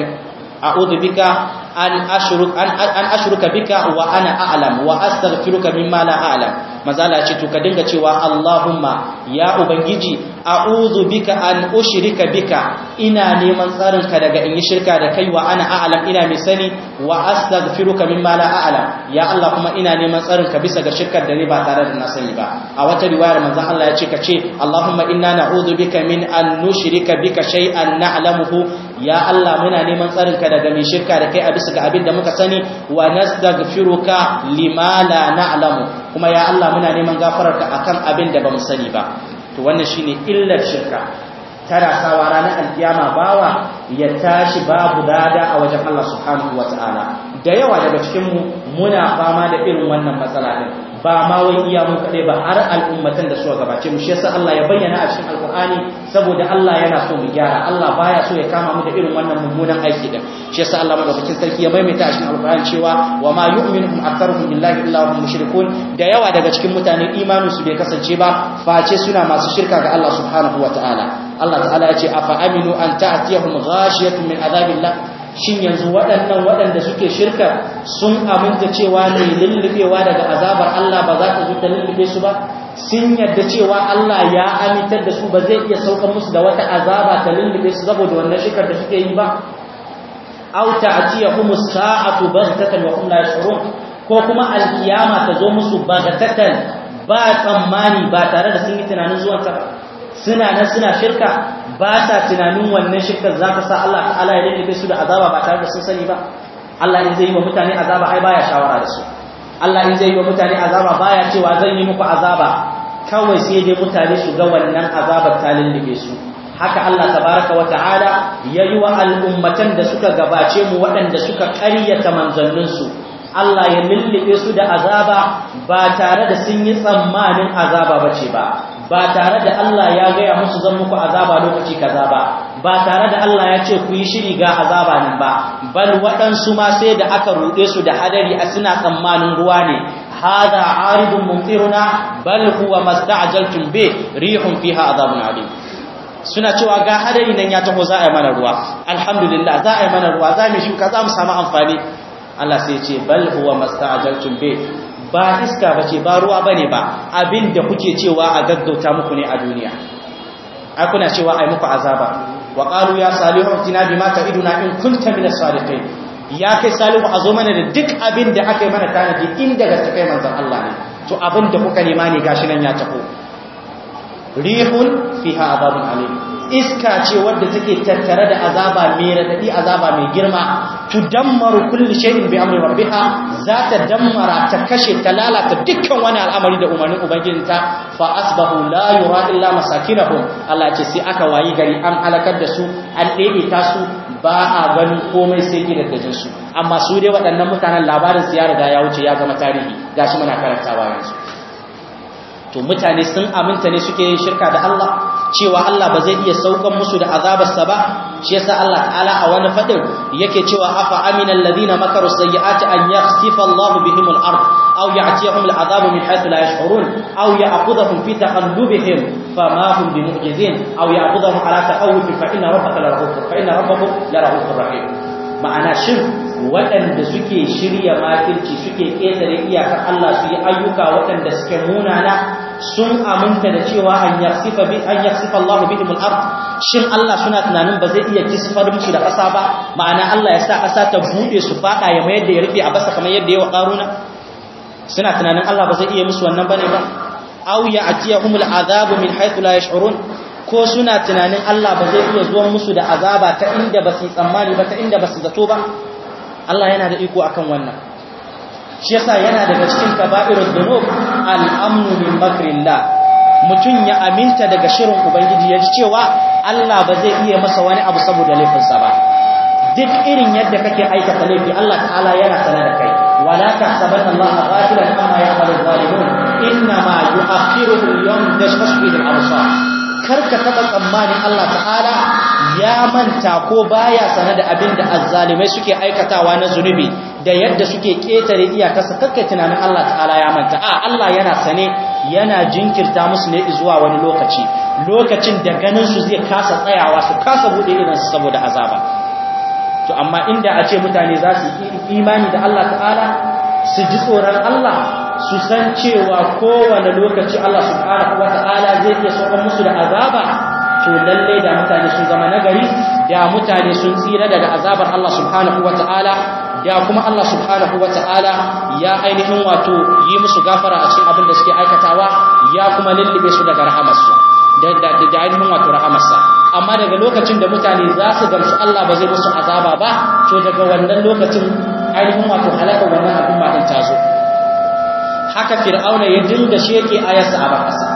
a'udhu bika an ashruka an ashruka bika wa ana a'lam wa astaghfiruka mimma la a'lam mazala ce to ka dinga cewa Allahumma ya ubangiji a'udhu bika an ushrika bika ina neman tsarin ka daga in yi shirka da kai wa ana a'lam ina mai sani wa astaghfiruka mimma la a'lam ya Allah kuma ina neman tsarin ka bisa ga shirkar da ni ba tare da na sani ba a wata riwayar manzo Allah ya ce ka ce Allahumma inna na'udhu bika min an nushrika bika shay'an na'lamuhu ya Allah muna neman tsarinka daga mai shirka da kai a bisa ga abin da muka sani wa nastaghfiruka lima la na'lamu kuma ya Allah muna neman gafararka akan abin da bamu sani ba to wannan shine illar shirka tana sawa ranar alkiyama bawa ya tashi babu dada a wajen Allah subhanahu wataala da yawa daga cikin mu muna fama da irin wannan matsala din ba ma wai iya mu kaɗai ba har al'ummatan da suka gabace mu shi yasa Allah ya bayyana a cikin alkur'ani saboda Allah yana so mu gyara Allah baya so ya kama mu da irin wannan mummunan aiki da shi yasa Allah madaukakin sarki ya maimaita a cikin alkur'ani cewa wa ma yu'minuhum aktharuhum billahi illa hum mushrikun da yawa daga cikin mutane imanin su bai kasance ba face suna masu shirka ga Allah subhanahu wa ta'ala Allah ta'ala ya ce afa aminu an ta'tiyahum ghashiyatun min azabillah shin yanzu waɗannan waɗanda suke shirka sun aminta cewa mai lullubewa daga azabar Allah ba za ta zo ta lullube su ba sun yadda cewa Allah ya amintar da su ba zai iya saukar musu da wata azaba ta lullube su saboda wannan shirkar da suke yi ba aw ta'tiyahum as-sa'atu baghtatan wa hum la yash'urun ko kuma alkiyama ta zo musu baghtatan ba tsammani ba tare da sun yi tunanin zuwan ta ba suna nan suna shirka ba sa tunanin wannan shirkar za ta sa Allah ta'ala ya dade su da azaba ba tare da sun sani ba Allah in zai yi wa mutane azaba ai baya shawara da su Allah in zai yi wa mutane azaba baya cewa zan yi muku azaba kawai sai dai mutane su ga wannan azabar ta lullube su haka Allah tabaraka wa ta'ala yi wa al'ummatan da suka gabace mu waɗanda suka ƙaryata manzanninsu Allah ya lullube su da azaba ba tare da sun yi tsammanin azaba ce ba ba tare da Allah ya gaya musu zan muku azaba lokaci kaza ba ba tare da Allah ya ce ku yi shiri ga azaba nan ba bal waɗansu ma sai da aka ruɗe su da hadari a suna tsammanin ruwa ne hada aridun mumtiruna bal huwa masta'jaltum bi rihun fiha azabun alim suna cewa ga hadari nan ya taho za a yi mana ruwa alhamdulillah za a yi mana ruwa za mu shuka za mu samu amfani Allah sai ce bal huwa masta'jaltum bi ba iska ba ce ba ruwa ba ne ba abin da kuke cewa a gaggauta muku ne a duniya a kuna cewa a yi muku azaba wa ƙaru ya salihu tina bi mata iduna in kunta mina salifai ya kai salihu a zo mana da duk abin da aka yi mana tanadi in daga ta kai manzan Allah ne to abin da kuka nema ne gashi nan ya tafi rihun fiha azabun alim iska ce wadda take tattare da azaba mai radadi azaba mai girma dammaru kulli shay'in bi amri rabbiha za ta dammara ta kashe ta lalata dukkan wani al'amari da umarnin ubangijinta fa asbahu la yura illa masakinahum Allah ce sai aka wayi gari an halakar da su an dade ta su ba a gani komai sai da jinsu amma su dai waɗannan mutanen labarin su ya riga ya wuce ya zama tarihi gashi muna karantawa yanzu to mutane sun aminta ne suke yin shirka da Allah cewa Allah ba zai iya saukan musu da azabarsa ba shi yasa Allah ta'ala a wani fadin yake cewa afa Amina ladina makaru sayyiati an yakhsifa Allah bihim al-ard aw ya'tiyahum al-azab min haythu la yash'urun aw ya'khudhahum fi taqallubihim fama hum bimu'jizin aw ya'khudhahum ala taqawwuf fa inna rabbaka la rahufur fa inna rabbakum la rahufur rahim ma'ana shirk waɗanda suke shirya makirci suke ƙetare iyakar Allah su yi ayyuka waɗanda suke munana sun aminta da cewa an yaksifa bi an yaksifa Allah bi ard shin Allah suna tunanin ba zai iya kisfar musu da ƙasa ba ma'ana Allah ya sa ƙasa ta bude su faɗa ya mayar da ya rufe a basa kamar yadda ya wa karuna suna tunanin Allah ba zai iya musu wannan bane ba aw ya'tiyahumul azabu min haythu la yash'urun ko suna tunanin Allah ba zai iya zuwa musu da azaba ta inda ba su tsammani ba ta inda ba su zato ba Allah yana da iko akan wannan shi yasa yana daga cikin kaba'irud dunub al-amnu bi makrillah mutun ya aminta daga shirin ubangiji ya ji cewa Allah ba zai iya masa wani abu saboda laifinsa ba duk irin yadda kake aika laifi Allah ta'ala yana sanar da kai wala tahsabanna Allah ghafilan amma ya'malu zalimun inna ma yu'akhiruhu yawm tashkhasu bihi al-absar karka taba tsammani Allah ta'ala ya manta ko baya sane da abin da azzalimai suke aikatawa na zunubi da yadda suke ketare iyakarsa kakkai tunanin Allah ta'ala ya manta a Allah yana sane yana jinkirta musu ne zuwa wani lokaci lokacin da ganin su zai kasa tsayawa su kasa bude irin su saboda azaba to amma inda a ce mutane za su imani da Allah ta'ala su ji tsoron Allah su san cewa kowane lokaci Allah subhanahu wata'ala zai iya sauka musu da azaba to lalle da mutane sun zama nagari da mutane sun tsira daga azabar Allah subhanahu wataala da kuma Allah subhanahu wataala ya ainihin wato yi musu gafara a cikin abin da suke aikatawa ya kuma lullube su daga rahamarsa da da ainihin wato rahamarsa amma daga lokacin da mutane za su gamsu Allah ba zai musu azaba ba to daga wannan lokacin ainihin wato halaka wannan al'umma din ta zo haka fir'auna ya dinga sheke ayarsa a bakasa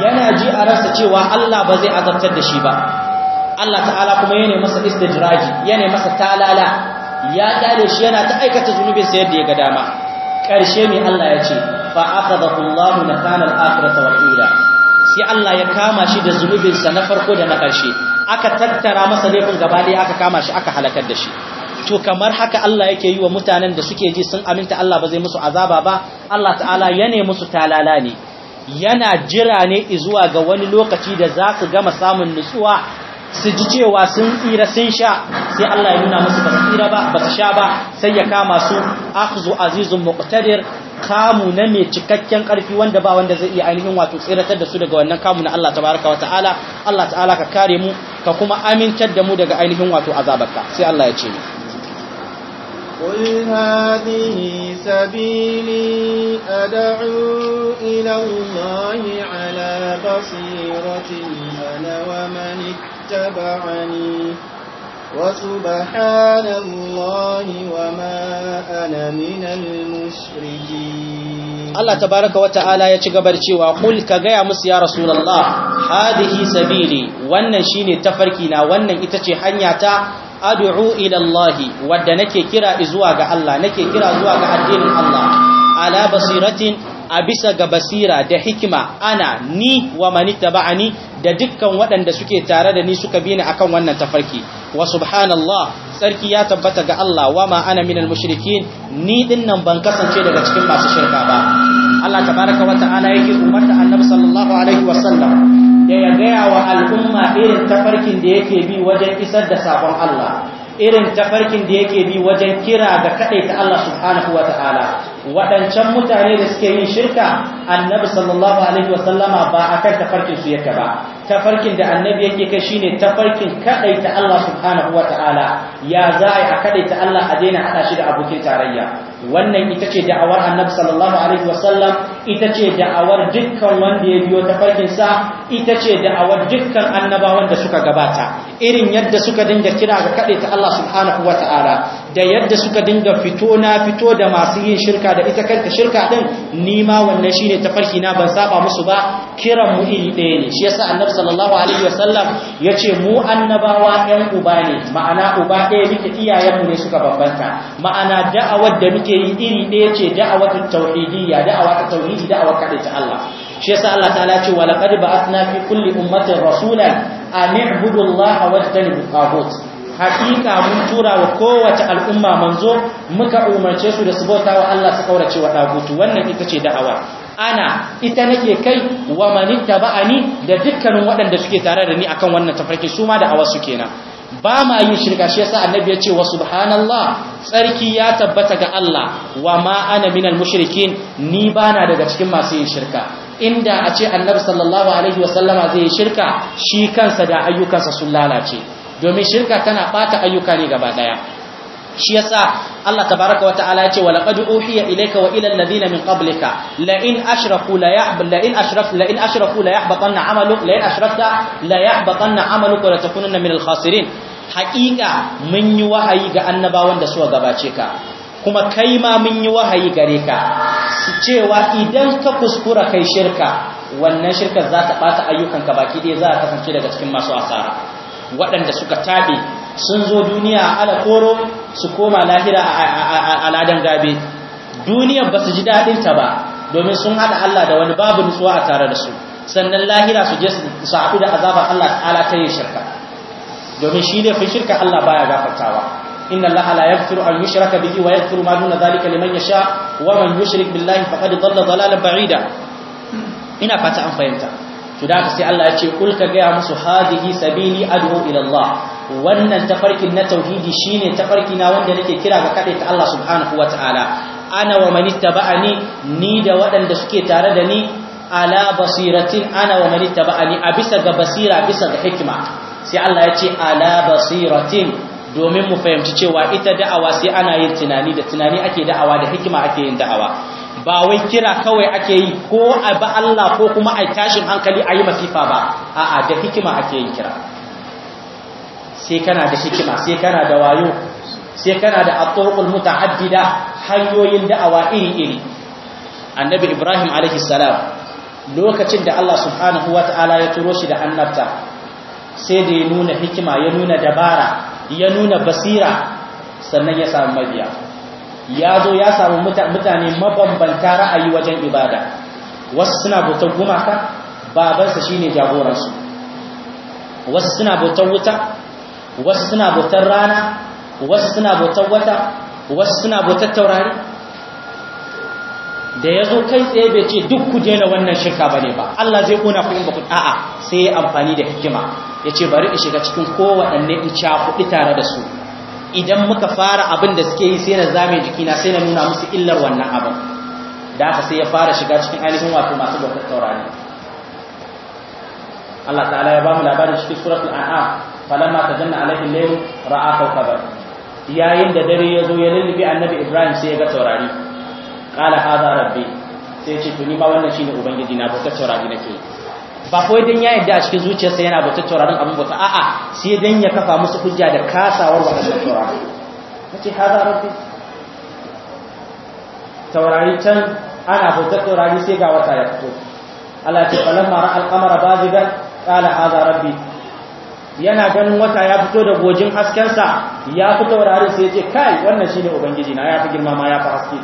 yana ji a rasa cewa Allah ba zai azabtar da shi ba Allah ta'ala kuma ya yana masa istijraji yana masa talala ya kare shi yana ta aikata zunubin sa yadda ya ga dama karshe ne Allah ya ce fa akhadahu da nakana al-akhirata wal ula sai Allah ya kama shi da zunubin sa na farko da na karshe aka tattara masa laifin gaba ɗaya aka kama shi aka halakar da shi to kamar haka Allah yake yi wa mutanen da suke ji sun aminta Allah ba zai musu azaba ba Allah ta'ala ya ne musu talala ne yana jira ne izuwa ga wani lokaci da za su gama samun nutsuwa su ji cewa sun tsira sun sha sai Allah ya nuna musu ba su tsira ba ba su sha ba sai ya kama su akhzu azizun muqtadir kamu na mai cikakken karfi wanda ba wanda zai iya ainihin wato tsiratar da su daga wannan kamu na Allah tabaraka wa ta'ala Allah ta'ala ka kare mu ka kuma amintar da mu daga ainihin wato azabarka sai Allah ya ce mu قل هذه سبيلي أدعو إلى الله على بصيرة أنا ومن اتبعني وسبحان الله وما أنا من المشركين Allah tabaraka wa ta'ala ya ci gabar cewa kul ka gaya musu ya rasulullah hadihi sabili wannan shine tafarki na wannan ita ce hanya ta ad'u ila Allah wadda nake kira zuwa ga Allah nake kira zuwa ga addinin Allah ala basiratin a bisa ga basira da hikima ana ni wa mani taba'ani da dukkan waɗanda suke tare da ni suka bi ni akan wannan tafarki wa subhanallah sarki ya tabbata ga Allah wa ma ana minal mushrikin ni dinnan ban kasance daga cikin masu shirka ba Allah tabaraka wa ta'ala yake umarta annabi sallallahu alaihi wa sallam da ya gaya wa al'umma irin tafarkin da yake bi wajen isar da sabon Allah irin tafarkin da yake bi wajen kira ga kaɗai ta Allah subhanahu wa ta'ala waɗancan mutane da suke yin shirka annabi sallallahu alaihi wasallama ba a kan tafarkin su yake ba tafarkin da annabi yake kai shine tafarkin kadaita Allah subhanahu wataala ya zai a kadaita Allah a daina hada shi da abokin tarayya wannan ita ce da'awar annabi sallallahu alaihi wasallam ita ce da'awar dukkan wanda ya biyo tafarkin sa ita ce da'awar dukkan annabawan da suka gabata irin yadda suka dinga kira ga kadaita Allah subhanahu wataala da yadda suka dinga fito na fito da masu yin shirka da ita kanta shirka din nima wannan shine tafarki na ban saba musu ba kiran mu iri ɗaya ne shi yasa annabi sallallahu alaihi wasallam yace mu annabawa ɗan uba ne ma'ana uba ɗaya muke iyayen mu ne suka bambanta ma'ana da'awar da muke yi iri ɗaya ce da'awatu tauhidiyya da'awa ta tauhidi da'awa kada ta Allah shi yasa Allah ta'ala ce wa laqad ba'athna fi kulli ummatin rasulan an i'budu Allah wa tajtanibu taghut haƙiƙa mun tura wa kowace al'umma manzo muka umarce su da su bauta wa Allah su kaurace wa ɗagutu wannan ita ce da'awa ana ita nake kai wa manitta ba'ani da dukkanin waɗanda suke tare da ni akan wannan tafarki su ma da'awa su kenan ba ma yin shirka shi yasa annabi ya ce wa subhanallah tsarki ya tabbata ga Allah wa ma ana al mushrikin ni bana daga cikin masu yin shirka inda a ce annabi sallallahu alaihi wasallama zai yi shirka shi kansa da ayyukansa sun lalace domin shirka tana bata ayyuka ne gaba daya shi yasa Allah tabaraka wa ta'ala ya ce wa laqad uhiya ilayka wa ila alladhina min qablika la in ashraku la yahb la in ashraf la in ashraku la yahbatanna 'amaluk la in ashrafta la yahbatanna 'amaluk wa la min alkhasirin haqiqa mun yi wahayi ga annabawan da suka gabace ka kuma kai ma mun yi wahayi gare ka cewa idan ka kuskura kai shirka wannan shirkar za ta bata ayyukanka baki ɗaya za ka kasance daga cikin masu asara waɗanda suka taɓe sun zo duniya a Ala Koro su koma lahira a ladan gabe duniyar ba su ji daɗinta ba domin sun haɗa Allah da wani babu nutsuwa a tare da su sannan lahira su je su haɗu da azabar Allah ta'ala ta yin shirka domin shi ne fin shirka Allah baya gafartawa inna Allah la yaghfiru an yushraka bihi wa yaghfiru ma duna zalika liman yasha wa man yushrik billahi faqad dhalla dhalalan ba'ida ina fata an fahimta to da sai Allah ya ce kul ka ga musu hadihi sabili ad'u ila Allah wannan tafarkin na tauhidi shine tafarki na wanda nake kira ga kade ta Allah subhanahu wataala ana wa man ittaba'ani ni da waɗanda suke tare da ni ala basiratin ana wa man ittaba'ani a bisa ga basira bisa ga hikima sai Allah ya ce ala basiratin domin mu fahimci cewa ita da'awa sai ana yin tunani da tunani ake da'awa da hikima ake yin da'awa ba wai kira kawai ake yi ko a ba Allah ko kuma a tashin hankali a yi masifa ba a'a da hikima ake yin kira sai kana da hikima sai kana da wayo sai kana da at-turqul muta'addida hanyoyin da'awa iri-iri annabi Ibrahim alaihi salam lokacin da Allah subhanahu wata'ala ya turo shi da annabta sai da ya nuna hikima ya nuna dabara ya nuna basira sannan ya samu mabiya ya zo ya samu mutane mabambanta ra'ayi wajen ibada wasu suna bautar gumaka babansa shine jagoransu wasu suna bautar wuta wasu suna bautar rana wasu suna bautar wata wasu suna bautar taurari da ya zo kai tsaye bai ce duk ku daina wannan shirka ba ne ba Allah zai kuna ku ba ku a'a sai ya amfani da hikima ya ce bari in shiga cikin kowaɗanne in cakuɗi tare da su idan muka fara abin da suke yi sai na zame jiki na sai na nuna musu illar wannan abin da aka sai ya fara shiga cikin ainihin wato masu bautar taurari Allah ta'ala ya bamu labarin cikin suratul an'am falamma tajanna alaihi layl ra'a kawkaban yayin da dare ya zo ya lullubi annabi Ibrahim sai ya ga taurari qala hadha rabbi sai ya ce to ni ba wannan shine ubangiji na bautar taurari nake yi ba kawai dan ya yadda a cikin zuciyarsa yana bautar tauraron abin bauta a'a sai dan ya kafa musu hujja da kasawar waɗannan tauraron nace haza rabbi taurari can ana bautar taurari sai ga wata ya fito Allah ya ce falamma ra'al qamara bazigan qala haza rabbi yana ganin wata ya fito da gojin haskensa ya fi taurari sai ce kai wannan shine ubangiji na ya fi girma ma ya fi haske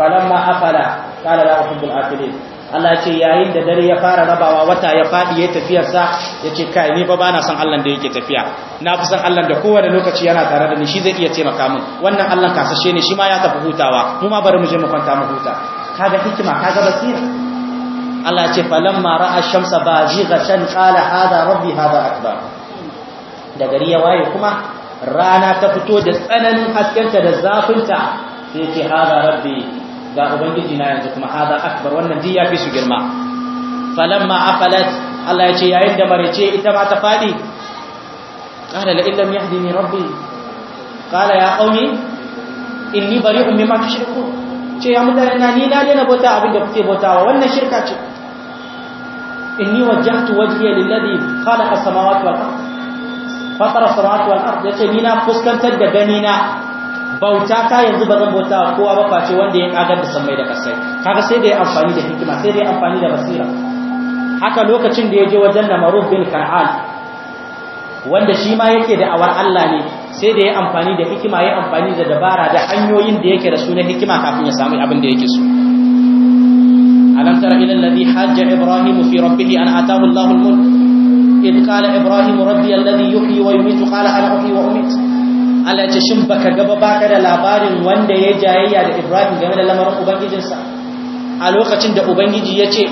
falamma afala qala la uhibbul afilin Allah ce yayin da dare ya fara rabawa wata ya faɗi ya tafiyarsa ya ce kai ni ba bana son Allah da yake tafiya na fi son Allah da kowane lokaci yana tare da ni shi zai iya taimaka min wannan Allah kasashe ne shi ma ya tafi hutawa mu ma bari mu je mu kwanta mu huta kaga hikima kaga basira Allah ce falamma ra'a shamsa bazighatan qala hada rabbi hada akbar da gari ya waye kuma rana ta fito da tsananin haskenta da zafinta sai ce hada rabbi ga ubangiji na yanzu kuma hada akbar wannan ji ya fi su girma falamma afalat Allah ya ce yayin da marece ita ma ta fadi qala la illam yahdini rabbi qala ya qaumi inni bari'un mimma tushrikun ce ya mutane na ni na daina bota abin da kuke botawa. wannan shirka ce inni wajjahtu wajhiya lilladhi khalaqa samawati wal ardh fatara samawati wal ardh ce ni na fuskantar da gani na bauta ta yanzu ba zan bauta kowa ba face wanda ya kagar da sammai da kasai kaga sai da ya amfani da hikima sai da ya amfani da basira haka lokacin da ya je wajen maruf bin Kan'an wanda shi ma yake da awar Allah ne sai da ya amfani da hikima ya amfani da dabara da hanyoyin da yake da su na hikima kafin ya samu abin da yake so alam tara ila alladhi hajja ibrahim fi rabbih an ataahu Allahu al-mulk إذ قال إبراهيم ربي الذي يحيي ويميت قال أنا أحيي وأميت Allah ce shin baka gaba baka da labarin wanda ya jayayya da Ibrahim game da lamarin ubangijinsa a lokacin da ubangiji ya ce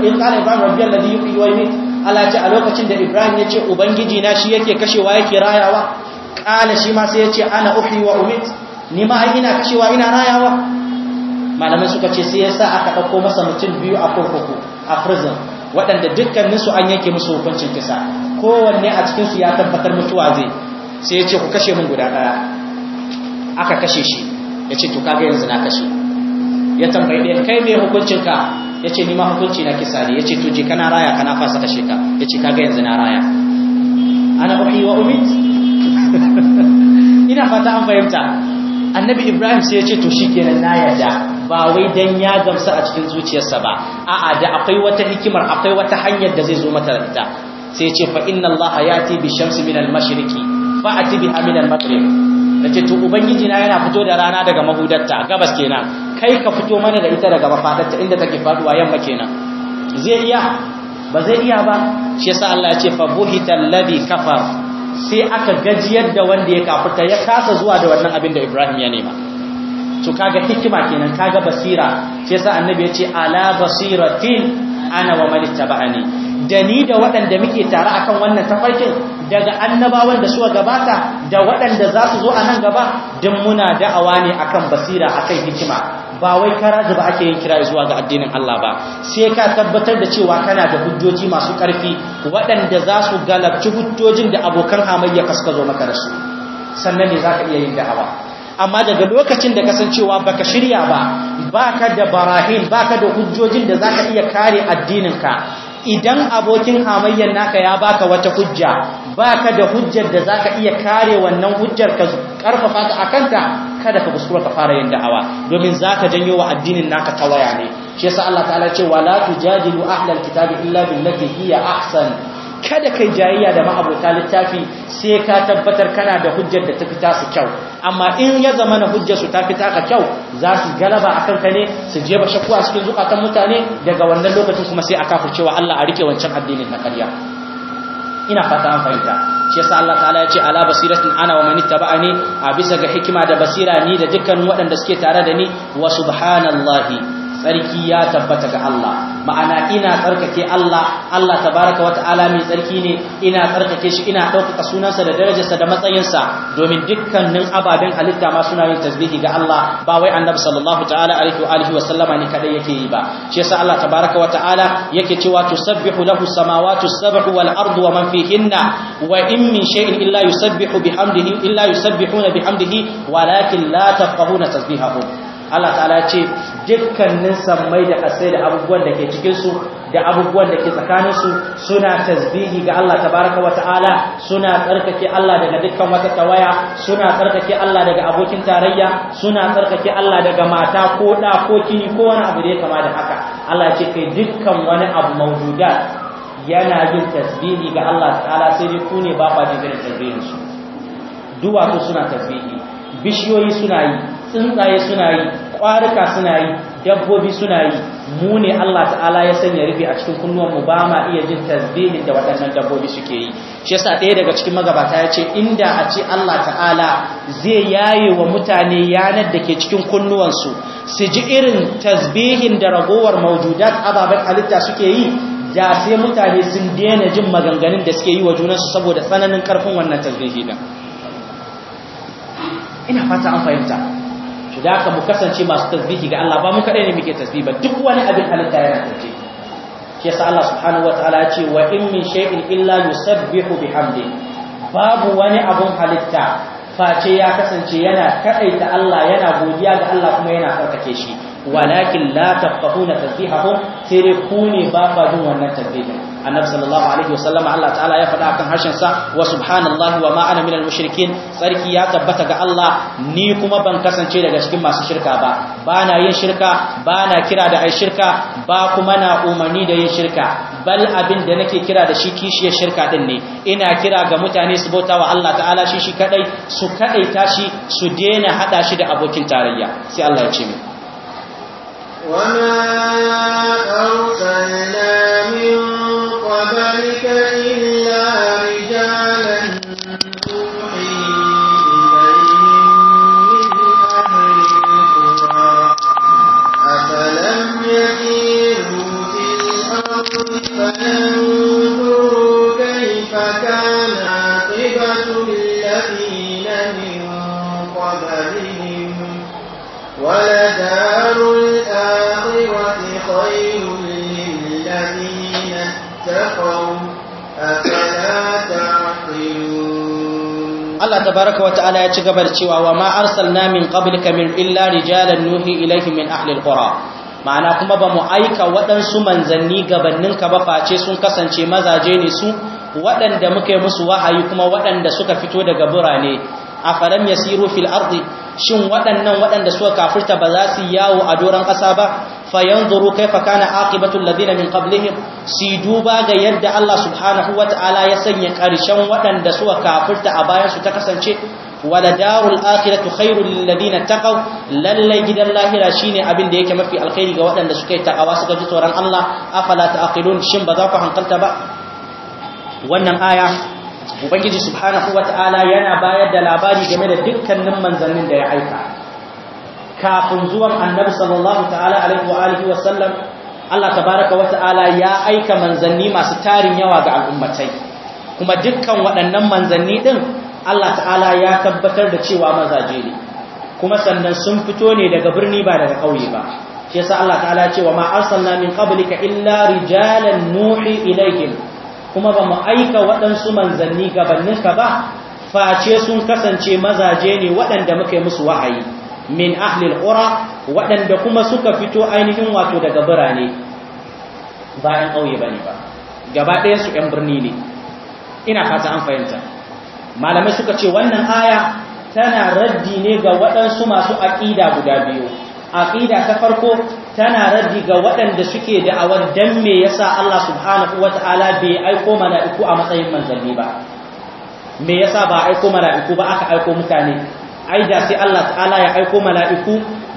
in qala Ibrahim rabbi alladhi yuhyi wa yumiit Allah ce a lokacin da Ibrahim ya ce ubangiji na shi yake kashewa yake rayawa qala shi ma sai ya ce ana uhyi wa umiit ni ma ai ina kashewa ina rayawa malamai suka ce sai yasa aka dauko masa mutum biyu a kurkuku a prison waɗanda dukkaninsu an yanke musu hukuncin kisa kowanne a cikinsu ya tabbatar mutuwa zai sai ya ce ku kashe min guda ɗaya aka kashe shi ya ce to kaga yanzu na kashe ya tambayi ɗaya kai mai hukuncinka ya ce nima hukunci na kisa ne ya ce to je kana raya kana fasa kashe ka ya ce kaga yanzu na raya ana uhi wa umit ina fata an fahimta annabi ibrahim sai ya ce to shikenan na yarda ba wai dan ya gamsu a cikin zuciyarsa ba a'a da akwai wata hikimar akwai wata hanyar da zai zo mata da ita sai ce fa inna allaha yati bi shamsi min al mashriqi fa ati biha min al maghrib nace to ubangiji na yana fito da rana daga mahudarta gabas kenan kai ka fito mana da ita daga mafadarta inda take faduwa yamma kenan zai iya ba zai iya ba shi yasa Allah ya ce fa buhital ladhi kafar sai aka gajiyar da wanda ya kafirta ya kasa zuwa da wannan abin da Ibrahim ya nema to kaga hikima kenan kaga basira shi yasa annabi ya ce ala basiratin ana wa man ittaba'ani da ni da waɗanda muke tare akan wannan tafarkin daga annabawan da suka gabata da waɗanda za su zo a nan gaba don muna da'awa ne akan basira a akan hikima ba wai kara ba ake yin kira zuwa ga addinin Allah ba sai ka tabbatar da cewa kana da hujjoji masu ƙarfi waɗanda za su galabci hujjojin da abokan hamayya ka suka zo maka da su sannan ne za ka iya yin da'awa amma daga lokacin da kasancewa ka shirya ba ba ka da barahin ka da hujjojin da za ka iya kare addinin ka. idan abokin hamayyar naka ya baka wata hujja baka da hujjar da zaka iya kare wannan hujjar ka karfafa ta akanta kada ka kuskura ka fara yin da'awa domin zaka janyo wa addinin naka tawaya ne shi yasa Allah ta'ala ce wala tujadilu ahlal kitabi illa billati hiya ahsan kada kai jayayya da ma'abota littafi sai ka tabbatar kana da hujjar da ta fita su kyau amma in ya zama na hujjar su ta fita ka kyau za su galaba a kanka ne su je ba shakku a cikin zukatan mutane daga wannan lokacin kuma sai a kafa cewa Allah a rike wancan addinin na ƙarya ina fata an fahimta shi yasa Allah ta'ala ya ce ala basiratin ana wa man ittaba'ani a bisa ga hikima da basira ni da dukkan waɗanda suke tare da ni wa subhanallahi tsarki ya tabbata ga Allah ma'ana ina tsarkake Allah Allah tabaraka wa ta'ala mai tsarki ne ina tsarkake shi ina ɗaukaka sunansa da darajarsa da matsayinsa domin dukkanin ababen halitta ma suna yin tasbihi ga Allah ba wai annabi sallallahu ta'ala alaihi wa alihi wa sallama ne kadai yake yi ba shi yasa Allah tabaraka wa ta'ala yake cewa tusabbihu lahu samawati sab'u wal ardu wa man fihinna wa in min shay'in illa yusabbihu bihamdihi illa yusabbihuna bihamdihi walakin la tafqahuna tasbihahum Allah ta'ala ce dukkanin sammai da kasai da abubuwan da ke cikinsu da abubuwan da ke tsakaninsu suna tasbihi ga Allah tabaraka wa ta'ala suna tsarkake Allah daga dukkan wata tawaya suna tsarkake Allah daga abokin tarayya suna tsarkake Allah daga mata ko da ko kini ko wani abu da ya kama da haka Allah ce kai dukkan wani abu maududa yana yin tasbihi ga Allah ta'ala sai dai ku ne ba ba jin tasbihin su duwatsu suna tasbihi bishiyoyi suna yi tsuntsaye suna yi ƙwarika suna yi dabbobi suna yi mu ne Allah ta'ala ya sanya rufe a cikin kunnuwan mu ba ma iya jin tasbihin da waɗannan dabbobi suke yi shi yasa ɗaya daga cikin magabata ya ce inda a ce Allah ta'ala zai yaye wa mutane yanar da ke cikin kunnuwansu su ji irin tasbihin da ragowar maujudat ababen halitta suke yi da sai mutane sun daina jin maganganun da suke yi wa junansu saboda tsananin karfin wannan tasbihin ina fata an fahimta Guda da mu kasance masu tasbihi ga Allah ba mu kadai ne muke tasbihi ba duk wani abin halitta yana tasbihi shi yasa Allah subhanahu wataala ya ce wa in min shay'in illa yusabbihu bihamdi babu wani abun halitta face ya kasance yana kadaita Allah yana godiya ga Allah kuma yana farkake shi walakin la tafqahuna tasbihahum sai dai ku ne ba fa jin wannan tasbihin annabi sallallahu alaihi wasallam Allah ta'ala ya faɗa akan harshen sa wa subhanallahi wa ma ana minal mushrikin sarki ya tabbata ga Allah ni kuma ban kasance daga cikin masu shirka ba bana yin shirka bana kira da ai shirka ba kuma na umarni da yin shirka bal abin da nake kira da shi kishiyar shirka din ne ina kira ga mutane su bauta wa Allah ta'ala shi shi kadai su kadai tashi su daina hada shi da abokin tarayya sai Allah ya ce min وما أرسلنا من قبلك إلا رجالا نوحي إليهم من أفلم يسيروا في الأرض كيف كان عاقبة الذين من قبلهم ولدار الآخرة خير wa Ta'ala Ya ci gaba da cewa الشيوى وما min من قبلك min إلا رجالا nuhi إليه min أهل القرى ma'ana kuma ba mu aika waɗansu manzanni gabaninka ba face sun kasance mazaje ne su waɗanda muka yi musu wahayi kuma waɗanda suka fito daga birane a faram yasiru fil ardi shin waɗannan waɗanda suka kafirta ba za su yawo a doron ƙasa ba fayanzuru kaifa kana aqibatul ladina min qablihim si duba ga yadda Allah subhanahu wataala ya sanya ƙarshen waɗanda suka kafirta a bayan su ta kasance wala darul akhiratu khairul ladina taqaw lallai gidan lahira shine abin da yake mafi alkhairi ga waɗanda suka yi takawa suka ji tsoron Allah afala ta'qilun shin ba za ku hankalta ba wannan aya ubangiji subhanahu wata'ala yana bayar da labari game da dukkanin manzannin da ya aika kafin zuwan annabi sallallahu ta'ala alaihi wa alihi wa sallam Allah tabaraka wata'ala ya aika manzanni masu tarin yawa ga al'ummatai kuma dukkan waɗannan manzanni ɗin, Allah ta'ala ya tabbatar da cewa mazaje ne kuma sannan sun fito ne daga birni ba daga ƙauye ba shi yasa Allah ta'ala ya ce wa ma arsalna min qablika illa rijalan nuhi ilaihim kuma ba mu aika waɗansu manzanni gabaninka ba face sun kasance mazaje ne waɗanda muka yi musu wahayi min ahlil ƙura waɗanda kuma suka fito ainihin wato daga birane bayan ƙauye ne ba gaba ɗaya su ƴan birni ne ina fata an fahimta malamai suka ce wannan aya tana raddi ne ga waɗansu masu aƙida guda biyu aqida ta farko tana raddi ga waɗanda suke da awar dan me yasa Allah subhanahu wataala bai aiko mala'iku a matsayin manzanni ba me yasa ba aiko mala'iku ba aka aiko mutane ai da sai Allah ta'ala ya aiko mala'iku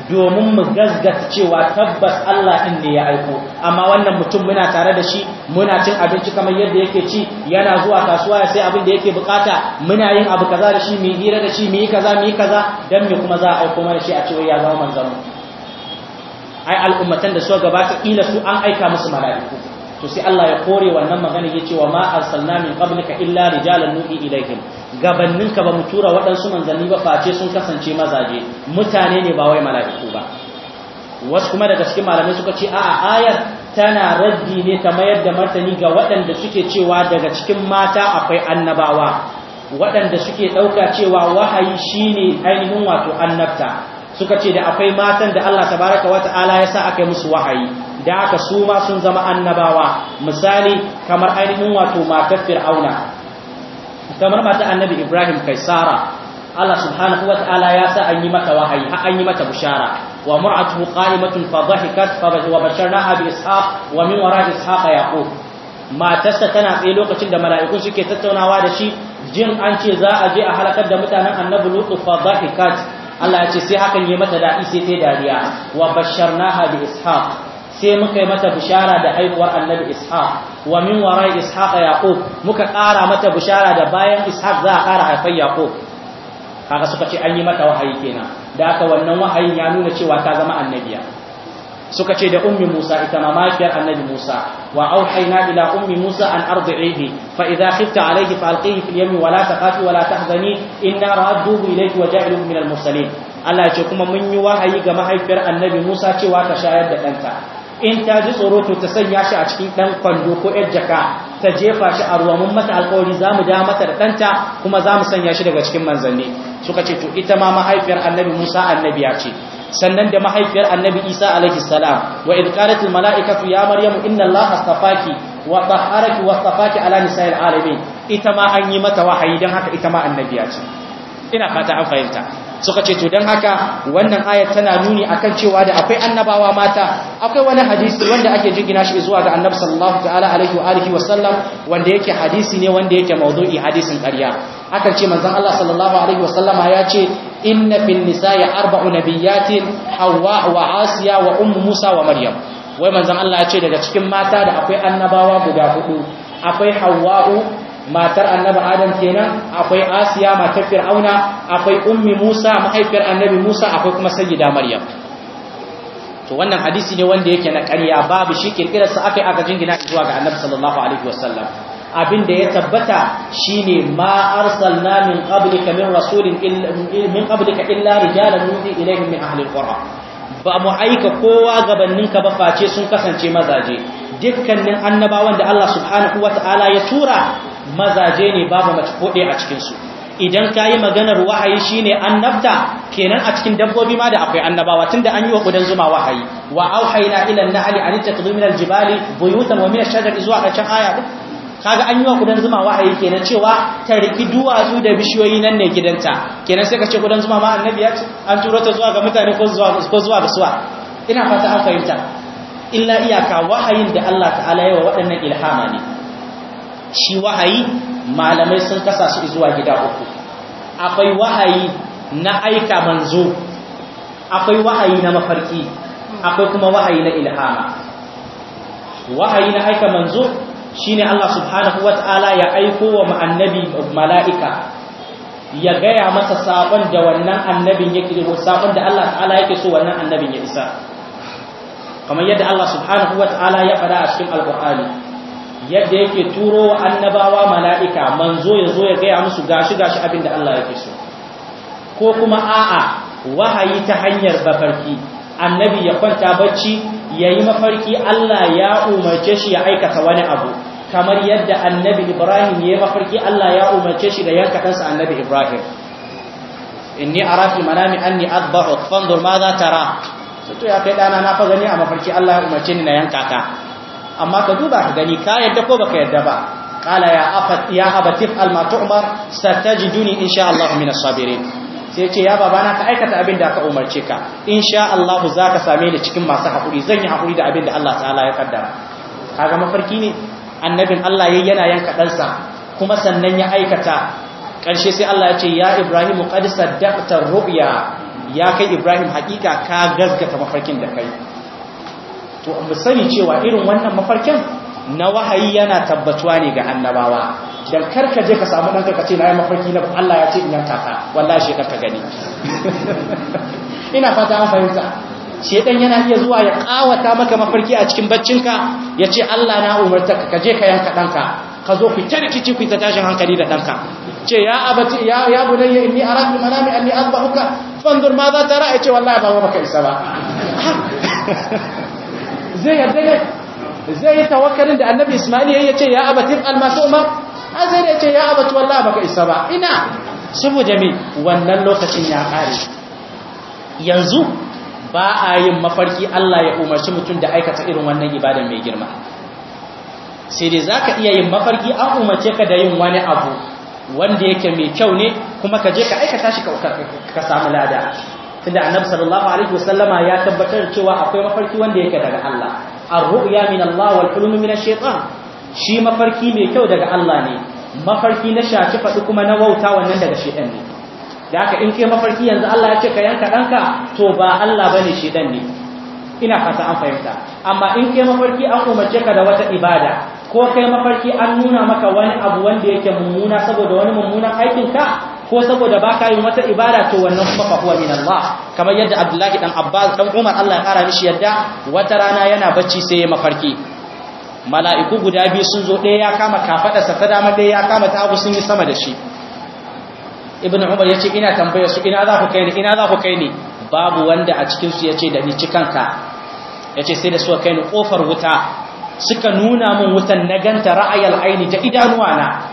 domin mu gazgata cewa tabbas Allah ɗin ne ya aiko amma wannan mutum muna tare da shi muna cin abinci kamar yadda yake ci yana zuwa kasuwa ya sai abin da yake bukata muna yin abu kaza da shi mu hira da shi mu yi kaza mu yi kaza dan me kuma za a aiko mana shi a cewa ya zama manzon ai al'ummatan da suka gabata kila su an aika musu mala'iku to sai Allah ya kore wannan magana yace wa ma arsalna min qablika illa rijalan nuhi ilaihim gabannin ka ba mu tura waɗansu manzanni ba face sun kasance mazaje mutane ne ba wai mala'iku ba wasu kuma daga cikin malamai suka ce a'a ayar tana raddi ne ta mayar da martani ga waɗanda suke cewa daga cikin mata akwai annabawa waɗanda suke ɗauka cewa wahayi shine ainihin wato annabta suka ce da akwai matan da Allah tabaraka wata'ala ya sa aka kai musu wahayi da aka su ma sun zama annabawa misali kamar ainihin wato matar fir'auna kamar matar annabi ibrahim kai sara Allah subhanahu wata'ala ya sa an yi mata wahayi har an yi mata bushara ومرأته قائمة فضحكت وبشرناها بإسحاق ومن وراء إسحاق يعقوب ما تسا tana tsaye lokacin da mala'iku suke tattaunawa da shi jin an ce za a je a halakar da mutanen annabi lutu fadhahikat Allah ya ce sai hakan yi mata daɗi sai ta dariya wa basharnaha bi ishaq sai muka yi mata bishara da haihuwar annabi ishaq wa min warai ishaq yaqub muka ƙara mata bishara da bayan ishaq za a ƙara haifar yaqub kaga suka ce an yi mata wahayi kenan da haka wannan wahayin ya nuna cewa ta zama annabiya suka ce da ummi Musa ita ma annabi Musa wa auhayna ila ummi Musa an ardi'ihi fa idha khifta alayhi fa alqihi fil yammi wa la taqafi wa la tahzani inna radduhu ilayki wa ja'aluhu min al-mursalin Allah ya ce kuma mun yi wahayi ga mahaifiyar annabi Musa cewa ta shayar da ɗanta in ta ji tsoro to ta sanya shi a cikin ɗan kwando ko ƴar jaka ta jefa shi a ruwa mun mata alƙawari za mu dawo mata da ɗanta kuma za mu sanya shi daga cikin manzanni suka ce to ita ma mahaifiyar annabi Musa annabiya ce sannan da mahaifiyar annabi isa alaihi salam wa idh qalat al mala'ikatu ya maryamu inna allaha astafaki wa tahharaki wa astafaki ala nisa'il alamin ita ma an yi mata wahayi dan haka ita ma annabiya ce ina fata an fahimta suka ce to dan haka wannan ayat tana nuni akan cewa da akwai annabawa mata akwai wani hadisi wanda ake jingina shi zuwa ga annabi sallallahu ta'ala alaihi wa alihi wa sallam wanda yake hadisi ne wanda yake mawdu'i hadisin ƙarya akan ce manzon Allah sallallahu alaihi wa sallama ya ce inna fil ya arba'u nabiyatin hawa wa asiya wa ummu musa wa maryam wai manzon Allah ya ce daga cikin mata da akwai annabawa guda hudu akwai hawa'u matar annabi adam kenan akwai asiya matar fir'auna akwai ummi musa mahaifiyar annabi musa akwai kuma sayyida maryam to wannan hadisi ne wanda yake na ƙarya babu shi kirkirar sa akai aka jingina zuwa ga annabi sallallahu alaihi wasallam abin da ya tabbata shine ma arsalna min qablika min rasulin min qablika illa rijalan nuhi ilayhim min ahli alqura ba mu aika kowa gabaninka ba face sun kasance mazaje dukkanin annabawan da Allah subhanahu wataala ya tura mazaje ne babu mace kode a cikin su idan yi maganar wahayi shine annabta kenan a cikin dabbobi ma da akwai annabawa tunda an yi wa kudan zuma wahayi wa auhayna ila an-nahli an tattakhidhu al-jibali buyutan wa min ash-shajari zuwa ƙarshen aya kaga an yi wa kudan zuma wahayi kenan cewa ta riki duwatsu da bishiyoyi nan ne gidanta kenan sai ka ce kudan zuma ma annabi ya an turo ta zuwa ga mutane ko zuwa ko zuwa ga suwa ina fata an fahimta illa iyaka wahayin da Allah ta'ala ya wa waɗannan ilhama ne shi wahayi malamai sun kasa su zuwa gida uku akwai wahayi na aika manzo akwai wahayi na mafarki akwai kuma wahayi na ilhama wahayi na aika manzo shine Allah subhanahu wata'ala ya aiko wa annabi mala'ika ya gaya masa sabon da wannan annabin yake da sabon da Allah ta'ala yake so wannan annabin ya isa kamar yadda Allah subhanahu wata'ala ya faɗa a cikin alqur'ani yadda yake turo wa annabawa mala'ika manzo ya zo ya gaya musu gashi gashi abin da Allah yake so ko kuma a'a wahayi ta hanyar bafarki annabi ya kwanta bacci yi mafarki Allah ya umarce shi ya aikata wani abu kamar yadda annabi Ibrahim yi mafarki Allah ya umarce shi da yanka kansa annabi Ibrahim inni arafi manami anni adbahuk fanzur ma za tara to ya kai dana na fa gani a mafarki Allah ya umarce ni na yanka ka amma ka duba ka gani ka yadda ko baka yadda ba qala ya afat ya abati al ma tu'mar satajiduni insha Allah min as-sabirin sai ce ya babana ka aikata abin da aka umarce ka insha Allah za ka same ni cikin masu hakuri zan yi hakuri da abin da Allah ta'ala ya kaddara kaga mafarki ne annabin Allah yayi yana yanka ɗansa kuma sannan ya aikata Karshe sai Allah ya ce ya Ibrahim qad saddaqta ru'ya ya kai Ibrahim hakika ka gazgata mafarkin da kai to mu sani cewa irin wannan mafarkin na wahayi yana tabbatuwa ne ga annabawa dan karka je ka samu danka ka ce na yi mafarki na Allah ya ce in yanka ka wallahi shekar ka gani ina fata an fahimta shedan yana iya zuwa ya kawata maka mafarki a cikin baccinka ya ce Allah na umarta ka je ka yanka danka ka zo ku tarkici ku ta tashin hankali da danka ce ya abati ya ya bunayya inni ara fil manami anni azbahuka fanzur ma za tara ce wallahi ba maka isa ba zai yadda zai tawakkalin da annabi Isma'il ya ce ya abati al masuma sai da ya ce ya abatu wallahi baka isa ba ina saboda me wannan lokacin ya kare yanzu ba a yin mafarki Allah ya umarci mutum da aikata irin wannan ibada mai girma sai dai zaka iya yin mafarki an umarce ka da yin wani abu wanda yake mai kyau ne kuma ka je ka aikata shi ka samu lada tunda annabi sallallahu alaihi wasallama ya tabbatar cewa akwai mafarki wanda yake daga Allah ar-ru'ya min Allah wal hulum min ash-shaytan shi mafarki mai kyau daga Allah ne mafarki na shafi faɗi kuma na wauta wannan daga shedan ne da haka in kai mafarki yanzu Allah ya ce ka yanka ɗanka to ba Allah bane shedan ne ina fata an fahimta amma in kai mafarki an umarce ka da wata ibada ko kai mafarki an nuna maka wani abu wanda yake mummuna saboda wani mummunan aikin ka ko saboda baka yin wata ibada to wannan kuma fa huwa min Allah kamar yadda Abdullahi dan Abbas dan Umar Allah ya kara mishi yadda wata rana yana bacci sai ya mafarki mala'iku guda biyu sun zo ɗaya ya kama kafaɗarsa ta dama ɗaya ya kama ta abu sun yi sama da shi ibn umar ya ce ina tambaya su ina za ku kai ni ina za ku kai ni babu wanda a cikinsu ya ce da ni cikanka ya ce sai da suka kai ni ƙofar wuta suka nuna min wutan na ganta ra'ayar aini ta idanuwana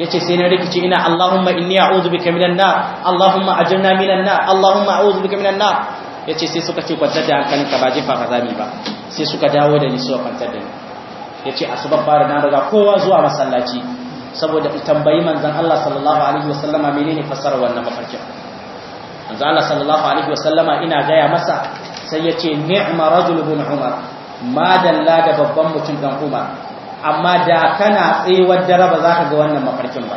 ya ce sai na rikici ina Allahumma inni a'udhu bika minan nar Allahumma ajirna minan nar Allahumma a'udhu bika minan na. ya ce sai suka ce kwantar da hankalinka ba jefa ka zami ba sai suka dawo da ni suka kwantar da ni yace sabab fara na daga kowa zuwa masallaci saboda in tambayi manzon Allah sallallahu alaihi wasallama menene fassarar wannan mafarkin manzon Allah sallallahu alaihi wasallama ina gaya masa sai yace ni'ma rajul umar ma dalla da babban mutum dan umar amma da kana tsewar dare za ka ga wannan mafarkin ba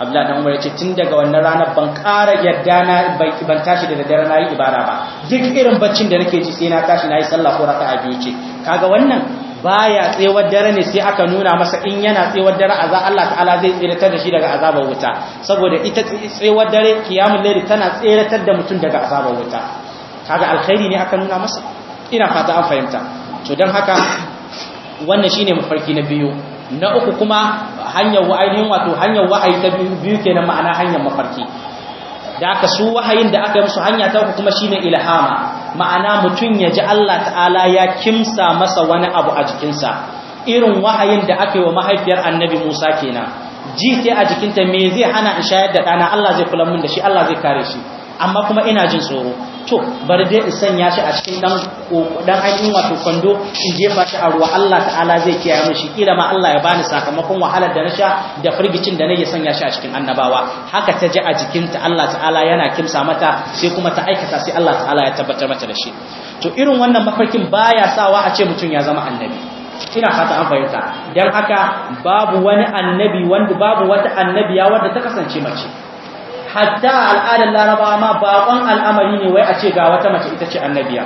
abdullahi dan umar yace tun daga wannan ranar ban ƙara yadda na ban tashi daga dare na yi ibada ba duk irin baccin da nake ji sai na tashi na yi sallah ko raka'a biyu ce kaga wannan baya tsewar dare ne sai aka nuna masa in yana tsewar dare azza Allah ta'ala zai tseratar da shi daga azabar wuta saboda ita tsewar dare kiyamul tana tseratar da mutum daga azabar wuta kaga alkhairi ne aka nuna masa ina fata an fahimta to dan haka wannan shine mafarki na biyu na uku kuma hanyar ainihin wato hanyar wa'ayi ta biyu kenan ma'ana hanyar mafarki da aka su wahayin da aka yi musu hanya ta kuma shine ilhama ma'ana mutum ya ji Allah ta'ala ya kimsa masa wani abu a jikinsa irin wahayin da aka yi wa mahaifiyar annabi Musa kenan ji sai a jikinta me zai hana in shayar da ɗana Allah zai kula mun da shi Allah zai kare shi amma kuma ina jin tsoro to bar dai in sanya shi a cikin dan dan ainihin wato kwando in je jefa shi a ruwa Allah ta'ala zai kiyaye mun shi kila ma Allah ya bani sakamakon wahalar da na sha da firgicin da nake sanya shi a cikin annabawa haka ta ji a jikin ta Allah ta'ala yana kimsa mata sai kuma ta aikata sai Allah ta'ala ya tabbatar mata da shi to irin wannan mafarkin baya sawa a ce mutum ya zama annabi ina fata an fahimta don haka babu wani annabi wanda babu wata annabiya wadda ta kasance mace hatta al'adar laraba ma bakon al'amari ne wai a ce ga wata mace ita ce annabiya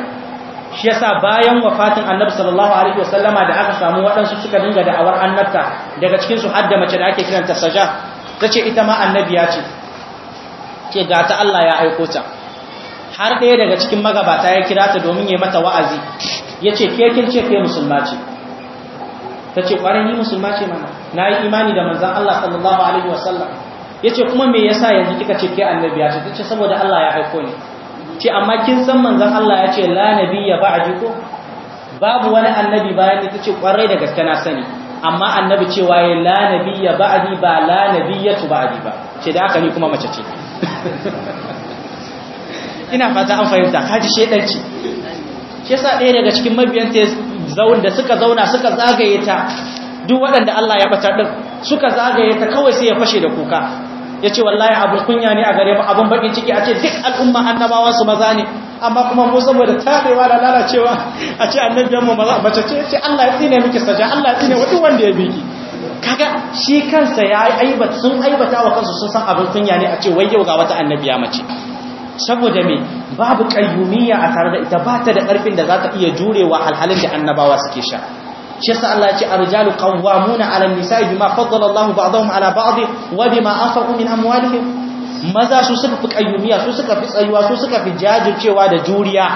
shi yasa bayan wafatin annabi sallallahu alaihi da aka samu waɗansu suka dinga da'awar annabta daga cikin su hadda mace da ake kiranta saja tace ita ma annabiya ce ke ga ta Allah ya aiko ta har ɗaya daga cikin magabata ya kira ta domin ya mata wa'azi yace ke kin ce ke musulma ce tace kwarai ni musulma ce mana nayi imani da manzon Allah sallallahu alaihi wasallam yace kuma me yasa yanzu kika ce ke annabiya ce tace saboda Allah ya aiko ni ce amma kin san manzon Allah ya ce la nabiyya ba'di jiko? babu wani annabi bayan ni tace kwarai da gaske na sani amma annabi cewa ya la nabiyya ba'di ba la nabiyyatu ba'di ba ce da haka ni kuma mace ce ina fata an fahimta kaji shedanci shi yasa ɗaya daga cikin mabiyan ta zaun da suka zauna suka zagaye ta duk waɗanda Allah ya bata din suka zagaye ta kawai sai ya fashe da kuka ya ce wallahi abin kunya ne a gare mu abun bakin ciki a ce duk al'umma annabawa su maza ne amma kuma mu saboda tarewa da lalacewa a ce annabiyan mu maza bace ce ce Allah ya tsine miki saja Allah ya tsine wa duk wanda ya biki kaga shi kansa ya aibata sun aibata wa kansu sun san abun kunya ne a ce wai yau ga wata annabiya mace saboda me babu kayyumiya a tare da ita ba ta da karfin da za ta iya jurewa halhalin da annabawa suke sha shesa yasa Allah ya ce arjalu qawwamuna 'ala an-nisa'i bima faddala Allahu ba'dahum 'ala ba'd wa bima anfaqu min amwalihim maza su suka fi kayyumiya su suka fi tsayuwa su suka fi jajircewa da juriya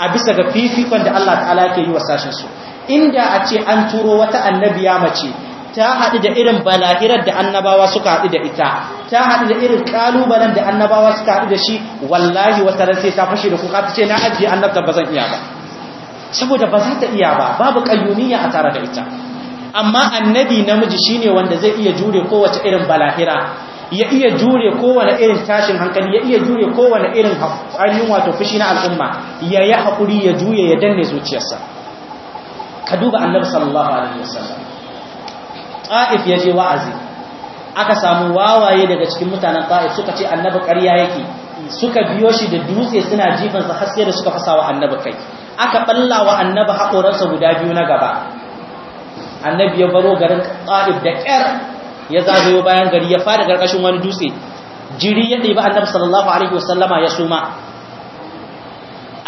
a bisa ga fifikon da Allah ta'ala yake yi wa sashin su inda a ce an turo wata annabiya mace ta haɗu da irin balahirar da annabawa suka haɗu da ita ta haɗu da irin ƙalubalen da annabawa suka haɗu da shi wallahi wata ran sai ta fashe da kuka ta ce na ajiye annabta ba zan iya ba saboda ba za ta iya ba babu ƙayyumiyya a tare da ita amma annabi namiji shine wanda zai iya jure kowace irin balahira ya iya jure kowane irin tashin hankali ya iya jure kowane irin ainihin wato fushi na al'umma ya yi haƙuri ya juye ya danne zuciyarsa ka duba annabi sallallahu alaihi wasallam ta'if ya je wa'azi aka samu wawaye daga cikin mutanen ta'if suka ce annabi ƙarya yake suka biyo shi da dutse suna jifansa har sai da suka fasawa annabi kai aka balla wa annabi haƙoransa guda biyu na gaba annabi ya baro garin ƙa'ib da ƙyar ya zagayo bayan gari ya fara ƙarƙashin wani dutse jiri ya ba annabi sallallahu alaihi wasallama ya suma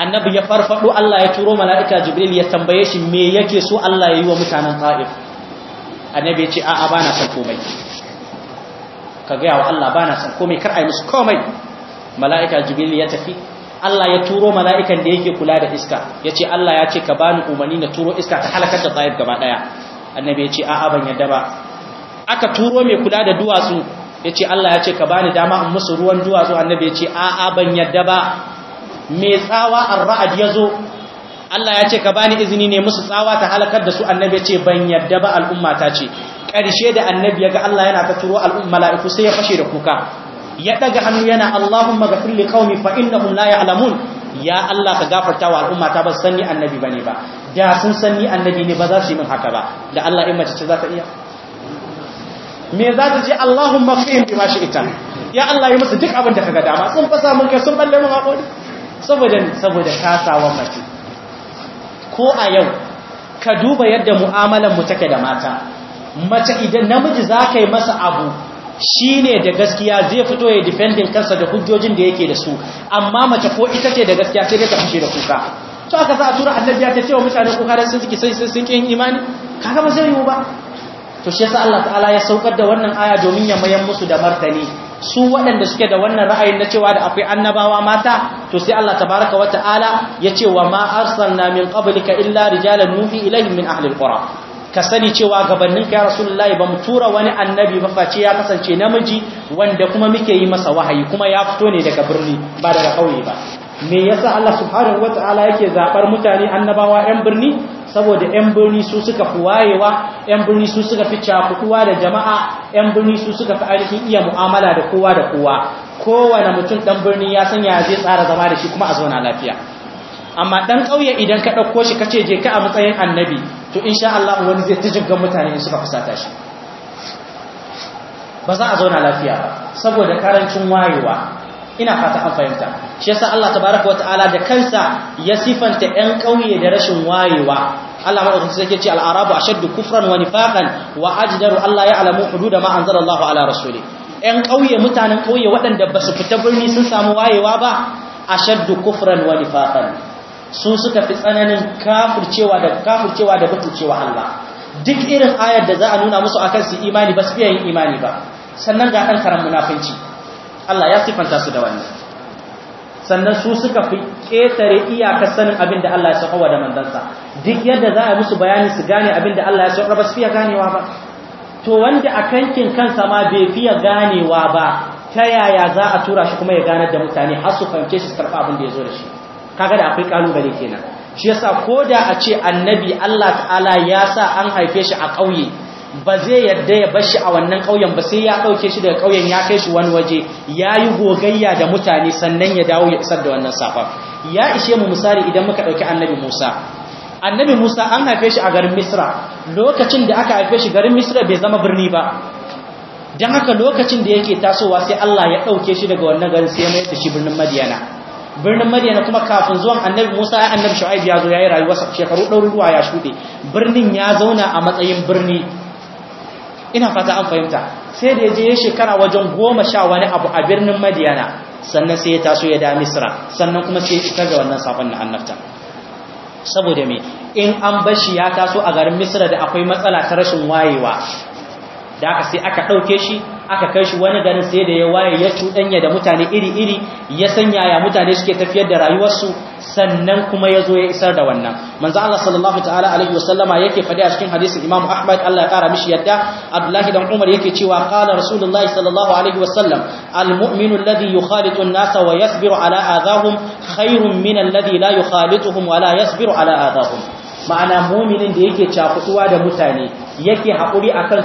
annabi ya farfaɗo Allah ya turo mala'ika jibril ya tambaye shi me yake so Allah ya yi wa mutanen ƙa'ib annabi ya ce a'a bana san komai ka gaya wa Allah bana san komai kar a yi musu komai mala'ika jibril ya tafi Allah ya turo mala'ikan da yake kula da iska ya ce Allah ya ce ka bani umarni na turo iska ta halakar da tsayar gaba ɗaya. annabi ya ce a'a ban yadda ba aka turo mai kula da duwatsu ya ce Allah ya ce ka bani dama in musu ruwan duwatsu annabi ya ce a'a ban yadda ba mai tsawa ra'adi ya zo. Allah ya ce ka bani izini ne musu tsawa ta halakar da su annabi ya ce ban yadda ba al'umma ta ce ƙarshe da annabi ya ga Allah yana ta turo al'umma mala'iku sai ya fashe da kuka ya daga hannu yana Allahumma ghafir li qaumi fa innahum la ya'lamun ya Allah ka gafarta wa al'umma ta ba su sanni annabi bane ba da sun sanni annabi ne ba za su yi min haka ba da Allah in mace ce za ta iya me za ta ce Allahumma qim bi ma shi'ta ya Allah yi musu duk abin da kaga dama sun fasa mun kai sun balle mun hakuri saboda saboda kasawa mace ko a yau ka duba yadda mu'amalan mu take da mata mace idan namiji za ka yi masa abu shi ne da gaskiya zai fito ya defendin kansa da hujjojin da yake da su amma mace ko ita ce da gaskiya sai dai ta fushi da kuka to aka sa a tura annabiya ta cewa mutane ko da sun ciki sai sun kin imani kaga ba zai yiwu ba to shi yasa Allah ta'ala ya saukar da wannan aya domin ya mayar musu da martani su waɗanda suke da wannan ra'ayin na cewa da akwai annabawa mata to sai Allah tabaraka Wata'ala ya ce wa ma arsalna min qablika illa rijalan nuhi ilaihim min ahli alqura ka sani cewa gabanin ka ya rasulullahi ba mu tura wani annabi ba face ya kasance namiji wanda kuma muke yi masa wahayi kuma ya fito ne daga birni ba daga kauye ba me yasa Allah subhanahu wataala yake zabar mutane annabawa yan birni saboda yan birni su suka fi wayewa yan birni su suka fi cakuduwa da jama'a yan birni su suka fi ainihin iya mu'amala da kowa da kowa kowane mutum ɗan birni ya san ya zai tsara zama da shi kuma a zauna lafiya amma ɗan ƙauye idan ka ɗauko shi ka ce je ka a matsayin annabi to insha Allah wani zai tijingan mutane in suka fusata shi ba za a zauna lafiya ba saboda karancin wayewa ina fata an fahimta shi yasa Allah tabaraka wataala da kansa ya sifanta ɗan ƙauye da rashin wayewa Allah maɗaukakin ke ce al'arabu ashaddu kufran wa nifaqan wa ajdaru Allah ya'lamu hududa ma anzalallahu ala rasuli ɗan ƙauye mutanen ƙauye waɗanda ba su fita birni sun samu wayewa ba ashaddu kufran wa nifaqan su suka fi tsananin kafircewa da kafircewa da batucewa Allah duk irin ayar da za a nuna musu akan su imani ba su fiye yin imani ba sannan ga ɗan karan munafinci Allah ya sifanta su da wannan sannan su suka fi ƙetare iyakar sanin abin da Allah ya sauƙawa da mandansa duk yadda za a musu bayani su gane abin da Allah ya sauƙa ba su fiye ganewa ba to wanda a kankin kansa ma bai fiye ganewa ba ta yaya za a tura shi kuma ya ganar da mutane har su fanke shi su karɓa abin da ya zo da shi kaga da akwai kalubale kenan shi yasa koda a ce annabi Allah ta'ala ya sa an haife shi a ƙauye ba zai yarda ya bar shi a wannan kauyen ba sai ya ɗauke shi daga kauyen ya kai shi wani waje ya yi gogayya da mutane sannan ya dawo ya isar da wannan safa ya ishe mu misali idan muka ɗauki annabi musa annabi musa an haife shi a garin misra lokacin da aka haife shi garin misra bai zama birni ba dan haka lokacin da yake tasowa sai allah ya ɗauke shi daga wannan garin sai ya mai da shi birnin madiyana birnin madina kuma kafin zuwan annabi musa ya annabi shu'aib ya zo ya yi sa shekaru ɗaruruwa ya shuɗe birnin ya zauna a matsayin birni ina fata an fahimta sai da ya je ya shekara wajen goma sha wani abu a birnin madiyana sannan sai ya taso ya da misra sannan kuma sai ya fita da wannan safan na annabta saboda me in an bashi ya taso a garin misra da akwai matsala ta rashin wayewa da aka sai aka ɗauke shi aka kai shi wani garin sai da ya waye ya cuɗanya da mutane iri-iri ya sanya ya mutane suke tafiyar da rayuwarsu sannan kuma ya zo ya isar da wannan manzo Allah sallallahu ta'ala alaihi wasallama yake faɗi a cikin hadisin Imam Ahmad Allah ya kara mishi yadda Abdullahi dan Umar yake cewa qala Rasulullahi sallallahu alaihi wasallam al-mu'minu alladhi yukhalitu an-nasa wa yasbiru ala adahum khairun min alladhi la yukhalituhum wa la yasbiru ala adahum ma'ana muminin da yake cakutuwa da mutane yake haƙuri akan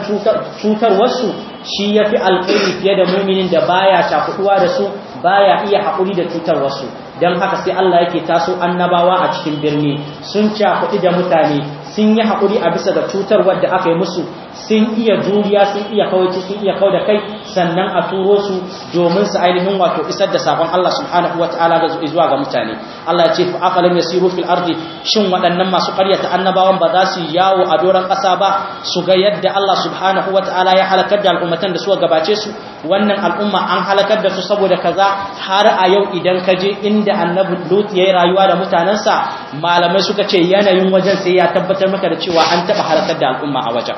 cutar wasu shi ya fi alƙari fiye da muminin da baya shafuɗuwa da su baya iya haƙuri da cutar wasu don haka sai Allah yake taso annabawa a cikin birni sun shafuɗi da mutane sun yi haƙuri a bisa ga cutar wadda aka yi musu sun iya juriya sun iya kawaici sun iya kau da kai sannan a turo su domin su ainihin wato isar da sabon Allah subhanahu wataala ga zuwa ga mutane Allah ya ce fa aqalam yasiru fil ardi shin waɗannan masu ƙaryata annabawan ba za su yawo a doron ƙasa ba su ga yadda Allah subhanahu wataala ya halakar da al'ummatan da suka gabace su wannan al'umma an halakar da su saboda kaza har a yau idan ka je inda annabi Lut ya yi rayuwa da mutanensa malamai suka ce yanayin wajen sai ya tabbatar tabbatar maka da cewa an taba halakar da al'umma a wajen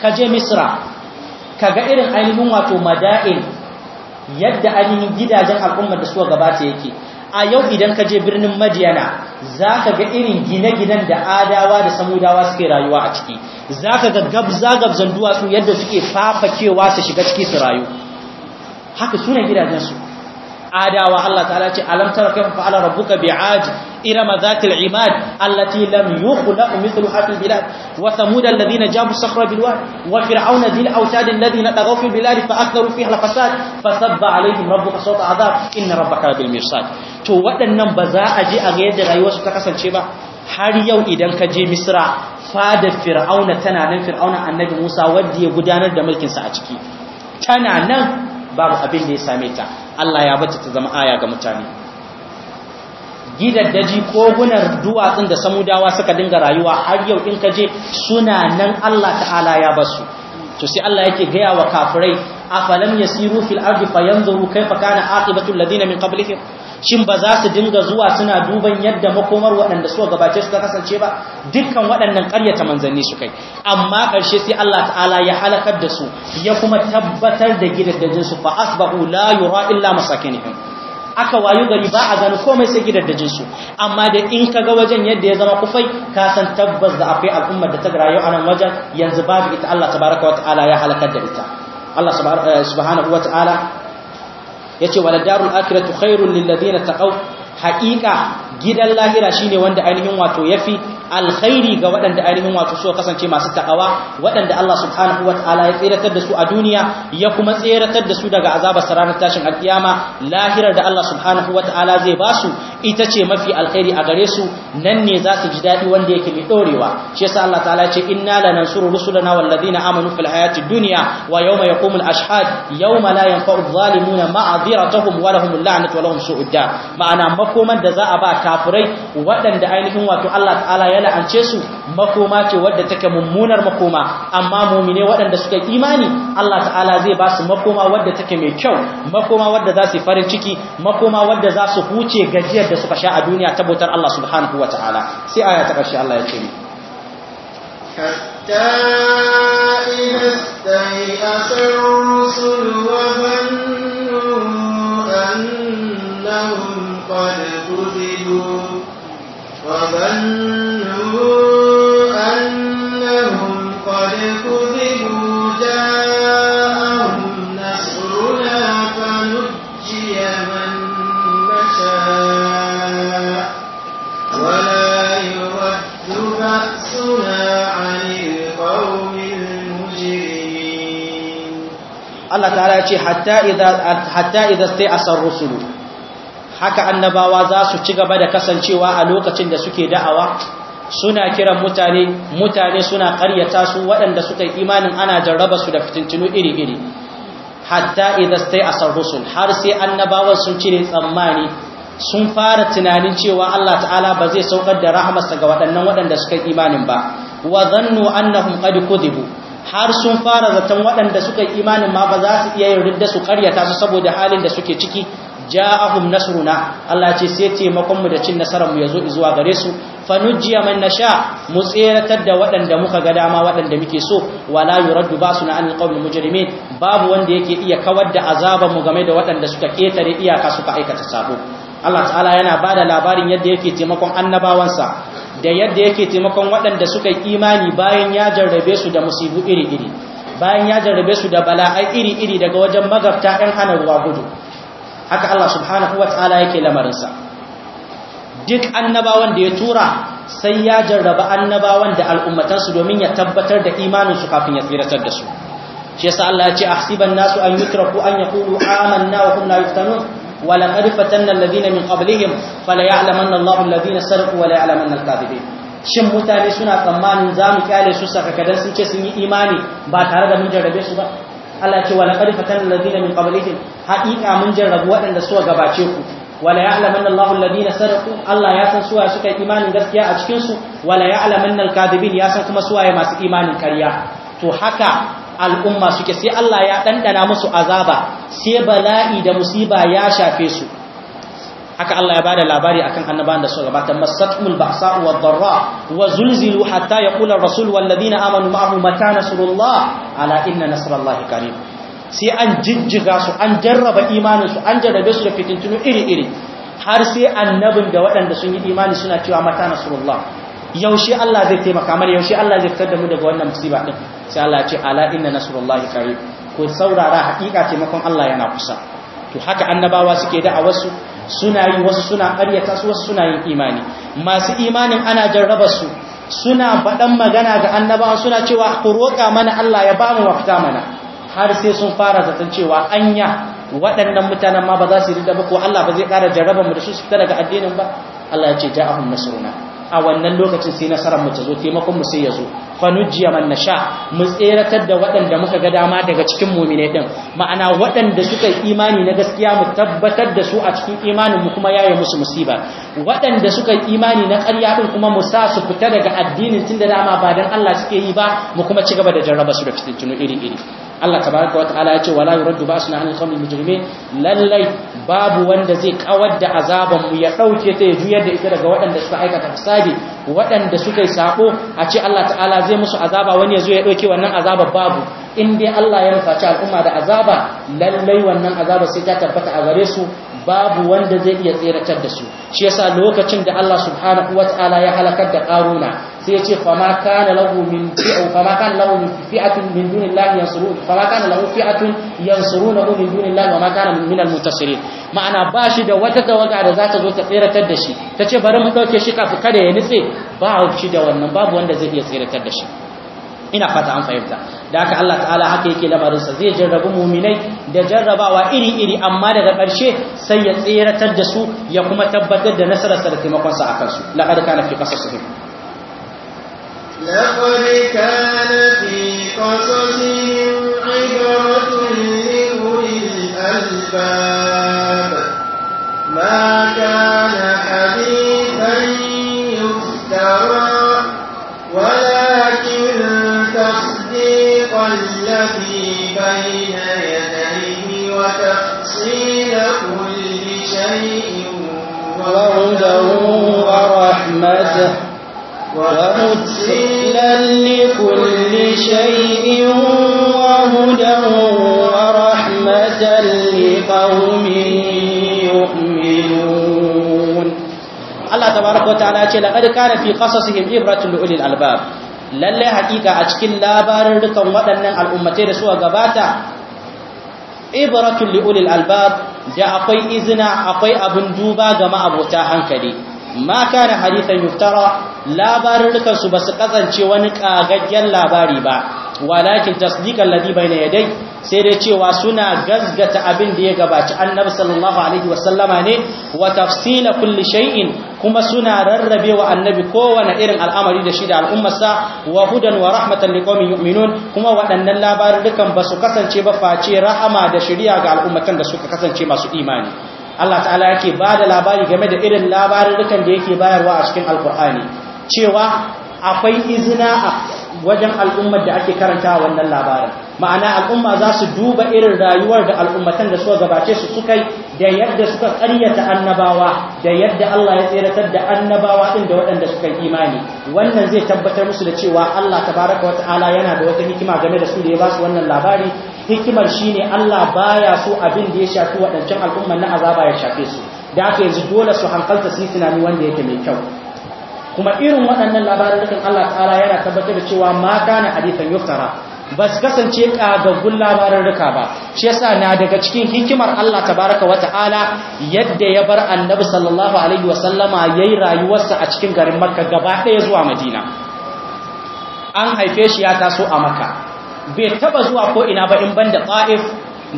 ka je misra ka ga irin ainihin wato mada'in yadda ainihin gidajen al'umma da suka gabata yake a yau idan ka je birnin madiyana za ka ga irin gine-ginen da adawa da samudawa suke rayuwa a ciki za ka ga gabza-gabzan duwatsu yadda suke fafakewa su shiga ciki su rayu haka gidajen su. adawa Allah ta'ala ce alam tara kayfa fa'ala rabbuka bi'ad irama zatil imad allati lam yukhlaq mithluha fil bilad wa thamud alladhina jabu sakhra bil wad wa fir'auna dhil awtad alladhina taghaw fil bilad fa aktharu fiha al fasad fa sabba alayhim rabbuka sawta adhab inna rabbaka bil mirsad to waɗannan ba za a je a ga yadda rayuwar su ta kasance ba har yau idan ka je misra fadar fir'auna tana nan fir'auna annabi musa wanda ya gudanar da mulkin sa a ciki tana nan babu abin da ya same ta Allah ya bace ta zama aya ga mutane gidaddaji kogunan duwatsun da samudawa suka dinga rayuwa har yau in ka je suna nan Allah ta'ala ya basu to sai Allah yake gaya wa kafirai afalam yasiru fil ardi fayanzuru kaifa kana aqibatu alladhina min qablihim shin ba za su dinga zuwa suna duban yadda makomar waɗanda suka gabace suka kasance ba dukkan waɗannan ƙaryata manzanni su kai amma ƙarshe sai Allah ta'ala ya halakar da su ya kuma tabbatar da gidaddajin su fa asbahu la yura illa masakinihim aka wayu gari ba a gani komai sai gidaddajin su amma da in ka ga wajen yadda ya zama kufai ka san tabbas da akwai al'ummar da ta rayu a nan wajen yanzu babu ita Allah tabaraka wa ta'ala ya halakar da ita Allah subhanahu wa ta'ala yace ce darul akhiratu khairul lil ladina taqaw Haƙiƙa gidan lahira shine wanda ainihin wato yafi alkhairi ga waɗanda ainihin wato su kasance masu takawa waɗanda Allah subhanahu wataala ya tseratar da su a duniya ya kuma tseratar da su daga azabar sararin tashin alkiyama lahirar da Allah subhanahu wataala zai ba su ita ce mafi alkhairi a gare su nan ne za su ji daɗi wanda yake mai ɗorewa shi yasa Allah ta'ala ce inna lanansuru rusulana walladina amanu fil hayati dunya wa yawma yaqumul ashhad yawma la yanfa'u adh-dhalimuna ma'adhiratuhum wa lahum la'natu wa lahum su'ud ma'ana makoman da za a ba kafirai waɗanda ainihin wato Allah ta'ala ya ya la'ance su makoma ce wadda take mummunar makoma amma mu'mine waɗanda suka yi imani Allah ta'ala zai ba su makoma wadda take mai kyau makoma wadda za su farin ciki makoma wadda za su huce gajiyar da suka sha a duniya tabbatar Allah subhanahu wa ta'ala sai aya ta ƙarshe Allah ya ce ni وظنوا Allah ta'ala ya ce hatta idan sai asar rusulu haka annabawa za su ci gaba da kasancewa a lokacin da suke da'awa suna kiran mutane mutane suna karyata su waɗanda suka yi imanin ana jarraba su da fitintinu iri-iri hatta idan sai asar rusul har sai annabawan sun cire tsammani sun fara tunanin cewa Allah ta'ala ba zai saukar da rahamarsa ga waɗannan waɗanda suka yi imanin ba wa zannu annahum qad kudibu har sun fara zaton waɗanda suka yi imanin ma ba za su iya yin ridda su karyata su saboda halin da suke ciki ja'ahum nasruna Allah ce sai taimakon mu da cin nasarar mu yazo zuwa gare su fanujjiya man nasha mu tseratar da waɗanda muka ga dama waɗanda muke so wala yuraddu basuna anil qawli mujrimin babu wanda yake iya kawar da azaban mu game da waɗanda suka ketare iyaka suka aikata sabo Allah ta'ala yana bada labarin yadda yake taimakon annabawansa da yadda yake taimakon waɗanda suka yi imani bayan ya jarrabe su da musibu iri-iri bayan ya jarrabe su da bala'ai iri-iri daga wajen magabta ɗan hana ruwa gudu haka Allah subhanahu wa ta'ala yake lamarinsa duk annabawan da ya tura sai ya jarraba annabawan da al'ummatansu domin ya tabbatar da imaninsu kafin ya tsiratar da su shi yasa Allah ya ce ahsiban nasu an yutraku an yaqulu amanna wa hum la yuftanun ولقد فتنا الذين من قبلهم فليعلمن الله الذين سرقوا وليعلمن الكاذبين shin mutane suna tsammanin za mu kyale su saka sakakadan sun ce sun yi imani ba tare da mun jarrabe su ba Allah ce wala qad fatana alladhina min qablikum haqiqa mun jarrabu waɗanda suka gabace ku wala ya'lamanna Allahu alladhina sarqu Allah ya san suwaye suka yi imanin gaskiya a cikin su wala ya'lamanna al ya san kuma suwaye masu imanin karya? to haka al'umma suke sai Allah ya ɗanɗana musu azaba sai bala'i da musiba ya shafe su haka Allah ya bada labari akan annabawan da suka gabata masatumul ba'sa wa dharra wa zulzilu hatta yaqula rasul wal ladina amanu ma'ahu mata nasrullah ala inna nasrallahi qarib sai an jijjiga su an jarraba imanin su an jarrabe su da fitintunu iri iri har sai annabin da waɗanda sun yi imani suna cewa mata nasrullah yaushe Allah zai taimaka mana yaushe Allah zai fitar da mu daga wannan musiba din sai Allah ce ala inna nasrullahi qarib ko saurara hakika taimakon Allah yana kusa to haka annabawa suke da a wasu suna yi wasu suna ƙaryata su wasu suna yin imani masu imanin ana jarraba su suna baɗan magana ga annabawa suna cewa ku roƙa mana Allah ya ba mu mafita mana har sai sun fara zaton cewa anya waɗannan mutanen ma ba za su rida ba ko Allah ba zai ƙara jarraba mu da su su fita daga addinin ba Allah ya ce ja'ahum nasruna a wannan lokacin sai nasarar mu ta zo taimakon mu sai ya zo fa nujiya man nasha mu tseratar da waɗanda muka ga dama daga cikin mu'mine din ma'ana waɗanda suka yi imani na gaskiya mu tabbatar da su a cikin imanin mu kuma yaye musu musiba waɗanda suka yi imani na ƙarya din kuma mu sa su fita daga addinin tunda dama ba dan Allah suke yi ba mu kuma ci gaba da jarraba su da fitintunu iri iri Allah tabaraka wa ta'ala ya ce wala yuraddu ba'suna 'anil qawmil mujrimin lallai babu wanda zai kawar da azaban mu ya dauke ta ya juyar da ita daga waɗanda suka aikata fasadi waɗanda suka yi sabo a ce Allah ta'ala zai musu azaba wani ya zo ya dauke wannan azaba babu in dai Allah ya nufaci al'umma da azaba lallai wannan azaba sai ta tabbata a gare su babu wanda zai iya tseratar da su shi yasa lokacin da Allah subhanahu ya halakar da karuna sai ya ce fama kana lahu min fi'a fama kana lahu min fi'atin min dunillahi yansurun fama kana lahu fi'atun yansurunahu min dunillahi wama kana min almuntasirin ma'ana ba shi da wata tawaga da za ta zo ta tsiratar da shi ta ce bari mu dauke shi kafin kada ya nitse ba shi da wannan babu wanda zai iya tsiratar da shi ina fata an fahimta da haka Allah ta'ala haka yake lamarinsa zai jarrabu muminai da jarrabawa iri-iri amma daga ƙarshe sai ya tseratar da su ya kuma tabbatar da nasararsa da taimakonsa a kansu laqad kana fi qasasihim لقد كان في قصصهم عبرة لأولي الألباب ما كان حديثا يفترى ولكن تصديق الذي بين يديه وتفصيل كل شيء وهدى ورحمته ومبسلا لكل شيء وهدى ورحمة لقوم يؤمنون الله تبارك وتعالى لقد كان في قصصهم إبرة لأولي الألباب للا حقيقة أشكل لا بارد كم ودن الأمة قباتا إبرة لأولي الألباب جاء أقوي إذنا أقوي أبن دوبا جماء أبوتا هنكلي ma kana hadithan yuftara labarurrukan su basu kasance wani kagaggen labari ba walakin tasdiqan ladhi ya yaday sai dai cewa suna gazgata abin da ya gabaci annabi sallallahu alaihi wasallama ne wa tafsila kulli shay'in kuma suna rarrabe wa annabi kowane irin al'amari da shi da al'ummarsa wa hudan wa rahmatan liqaumin yu'minun kuma waɗannan labarurrukan basu kasance ba face rahama da shari'a ga al'ummatan da suka kasance masu imani Allah ta'ala yake ba da labari game da irin labarurukan da yake bayarwa a cikin alkur'ani cewa akwai izina a wajen al'ummar da ake karanta wannan labarin ma'ana al'umma za su duba irin rayuwar da al'ummatan da suka gabace su suka da yadda suka karyata annabawa da yadda Allah ya tseratar da annabawa din da waɗanda suka yi imani wannan zai tabbatar musu da cewa Allah tabaraka wa ta'ala yana da wata hikima game da su da ya ba su wannan labari hikimar shine Allah baya so abin da ya shafi waɗancan al'umman na azaba ya shafe su da aka yanzu dole su hankalta su yi tunani wanda yake mai kyau kuma irin waɗannan labarin Allah ta'ala yana tabbatar da cewa ma kana hadithan yuftara ba su kasance ƙagaggun rika ba shi yasa na daga cikin hikimar Allah tabaraka wa ta'ala yadda ya bar annabi sallallahu alaihi wa sallama yayi rayuwarsa a cikin garin Makka gaba ɗaya zuwa Madina an haife shi ya taso a Makka bai taba zuwa ko ina ba in banda ta'if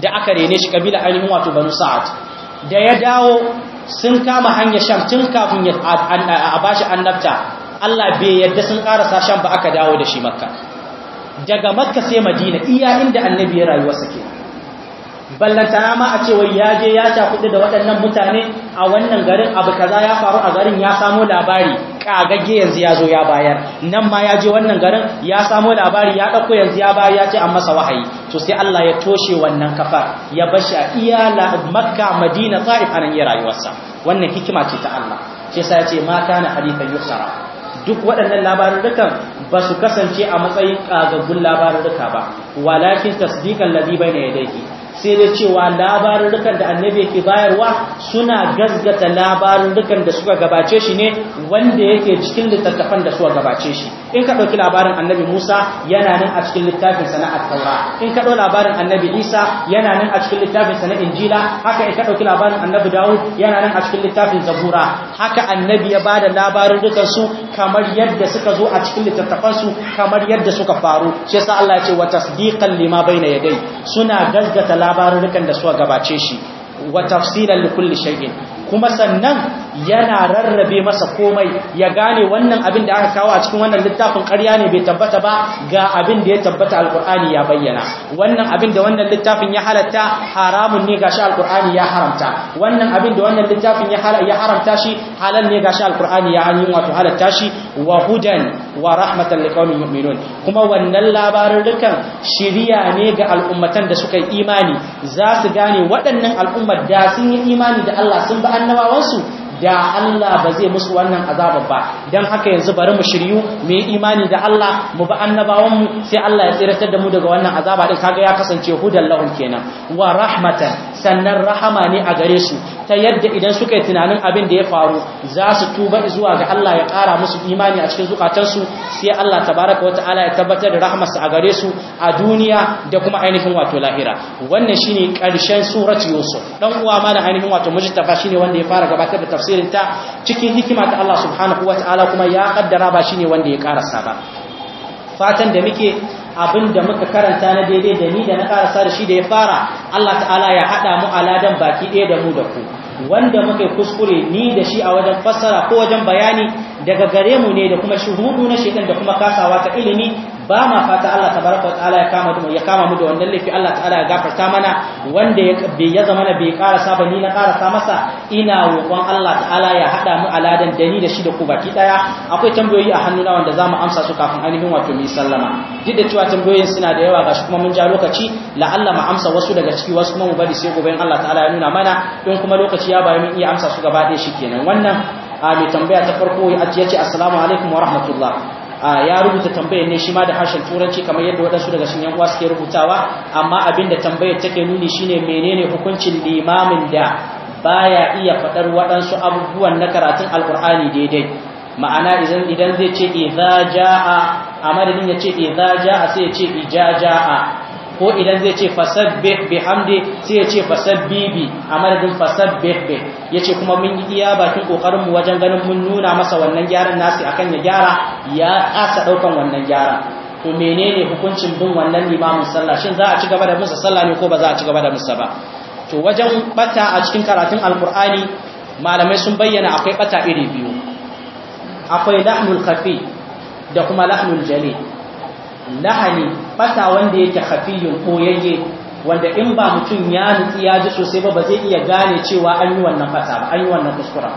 da aka rene shi kabila ainihin wato banu sa'ad da ya dawo sun kama hanya sham tun kafin a bashi annabta Allah bai yadda sun karasa sham ba aka dawo da shi makka daga makka sai madina iya inda annabi ya rayuwa suke. ta ma a ce wai ya je ya kudi da waɗannan mutane a wannan garin abu kaza ya faru a garin ya samu labari kagagge yanzu ya zo ya bayar nan ma ya je wannan garin ya samu labari ya ɗauko yanzu ya bayar ya ce an masa wahayi to sai Allah ya toshe wannan kafar ya bashi a iya makka madina a nan iya rayuwarsa wannan hikima ce ta Allah shi yasa ya ce ma kana hadithan yusara duk waɗannan labarurrukan ba su kasance a matsayin ƙagaggun labarurruka ba walakin tasdiqan ne ya yadayhi sai da cewa labarin dukan da annabi yake bayarwa suna gazgata labarin dukan da suka gabace shi ne wanda yake cikin littattafan da suka gabace shi in ka ɗauki labarin annabi musa yana nan a cikin littafin sana a taura in ka ɗau labarin annabi isa yana nan a cikin littafin na injila haka in ka ɗauki labarin annabi dawud yana nan a cikin littafin zabura haka annabi ya bada da labarin kamar yadda suka zo a cikin littattafansu kamar yadda suka faru shi yasa allah ya ce wa tasdiqan lima ya yadai suna gaskata labarin da suka gabace shi wa tafsilan li kulli shay'in kuma sannan yana rarrabe masa komai ya gane wannan abin da aka kawo a cikin wannan littafin ƙarya ne bai tabbata ba ga abin da ya tabbata alkur'ani ya bayyana wannan abin da wannan littafin ya halatta haramun ne gashi alkur'ani ya haramta wannan abin da wannan littafin ya haramta shi halal ne gashi alkur'ani ya hanyi wato halatta shi wa hudan wa rahmatan liqaumin yu'minun kuma wannan labarin dukan shiriya ne ga al'ummatan da suka yi imani za su gane waɗannan al'ummar da sun yi imani da Allah sun bi annabawansu da Allah ba zai musu wannan azaba ba dan haka yanzu bari mu shiryu mu yi imani da Allah mu ba annabawan mu sai Allah ya tsiratar da mu daga wannan azaba din kaga ya kasance hudan lahum kenan wa rahmatan sannan rahama ne a gare su ta yadda idan suka yi tunanin abin da ya faru za su tuba zuwa ga Allah ya ƙara musu imani a cikin zukatansu sai Allah tabaraka ta'ala ya tabbatar da rahmarsa a gare su a duniya da kuma ainihin wato lahira wannan shine karshen suratu yusuf dan uwa ma ainihin wato mujtafa shine wanda ya fara gabatar da tafsir tafsirinta cikin hikima ta Allah subhanahu ta’ala kuma ya kaddara ba shine wanda ya karasa ba fatan da muke abin da muka karanta na daidai da ni da na karasa da shi da ya fara Allah ta'ala ya hada mu aladan baki ɗaya da mu da ku wanda muka kuskure ni da shi a wajen fassara ko wajen bayani daga gare mu ne da kuma shuhudu na shekan da kuma kasawa ta ilimi ba ma fata Allah tabaraka wa ta'ala ya kama mu ya kama mu da wannan laifi Allah ta'ala ya gafarta mana wanda ya bai ya zama na bai ƙara saba ni na sa masa ina roƙon Allah ta'ala ya hada mu aladan dani da shi da ku baki daya akwai tambayoyi a na wanda zamu amsa su kafin ainihin wato mu sallama duk da cewa tambayoyin suna da yawa gashi kuma mun ja lokaci Allah mu amsa wasu daga ciki wasu kuma mu bari sai gobe Allah ta'ala ya nuna mana don kuma lokaci ya bayi mun iya amsa su gaba ɗaya kenan wannan a mai tambaya ta farko ya ce assalamu alaikum wa rahmatullah ya rubuta tambayar ne shi ma da harshen turanci kamar yadda waɗansu daga cikin yan uwa suke rubutawa amma abin da tambayar take nuni shine menene hukuncin limamin da baya iya faɗar waɗansu abubuwan na karatun alkur'ani daidai ma'ana idan idan zai ce idza jaa a madadin ya ce idza jaa sai ya ce ijaja'a ko idan zai ce fasabbih bihamdi sai ya ce bibi a madadin fasabbih ya yace kuma mun yi iya bakin kokarin wajen ganin mun nuna masa wannan gyaran nasi akan ya gyara ya kasa ɗaukan wannan gyara to menene hukuncin bin wannan limamin sallah shin za a ci gaba da musa sallah ne ko ba za a ci gaba da musa ba to wajen bata a cikin karatun alkur'ani malamai sun bayyana akwai bata iri biyu akwai lahmul khafi da kuma lahmul jalil lahani fata wanda yake khafiyun ko yake wanda in ba mutum ya nutsi ya ji sosai ba ba zai iya gane cewa an yi wannan fata ba an yi wannan kuskura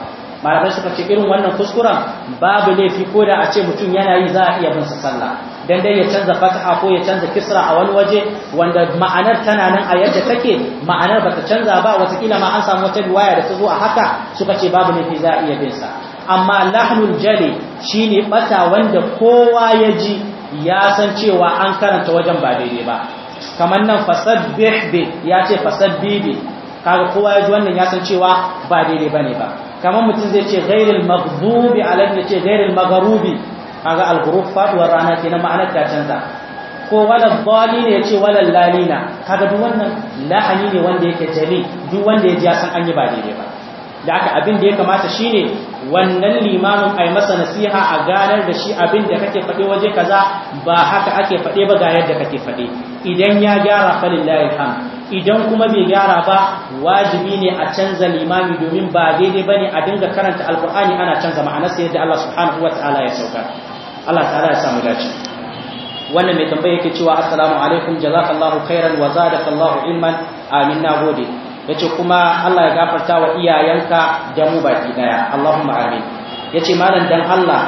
malamai suka ce irin wannan kuskuren babu laifi ko da a ce mutum yana yi za a iya bin sa sallah dan dai ya canza fata ko ya canza kisra a wani waje wanda ma'anar tana nan a yadda take ma'anar bata canza ba kila ma an samu wata riwaya da ta zo a haka suka ce babu laifi za a iya bin sa amma lahnul jali shine bata wanda kowa ya ji ya san cewa an karanta wajen ba daidai ba kamar nan fasabbih bi ya ce fasad bi kaga kowa ya ji wannan ya san cewa ba daidai bane ba kamar mutum zai ce ghairil maghdubi alaihi ya ce ghairil magharubi kaga al fa faduwar rana ke na ma'anar ta canza ko wala dali ne ya ce wala lalina kaga duk wannan lahani ne wanda yake jali duk wanda ya ji ya san an yi ba daidai ba da aka abin da ya kamata shine wannan limamin ai masa nasiha a ganar da shi abin da kake faɗe waje kaza ba haka ake faɗe ba ga yadda kake faɗe idan ya gyara falillahi ham idan kuma bai gyara ba wajibi ne a canza limami domin ba daidai ba ne a dinga karanta alkur'ani ana canza sai yadda Allah subhanahu wataala ya sauka Allah ta'ala ya samu dace wannan mai tambaya yake cewa assalamu alaikum jazakallahu khairan wa zadakallahu ilman amin nagode yace kuma Allah ya gafarta wa iyayenka da mu baki daya Allahumma amin yace malam dan Allah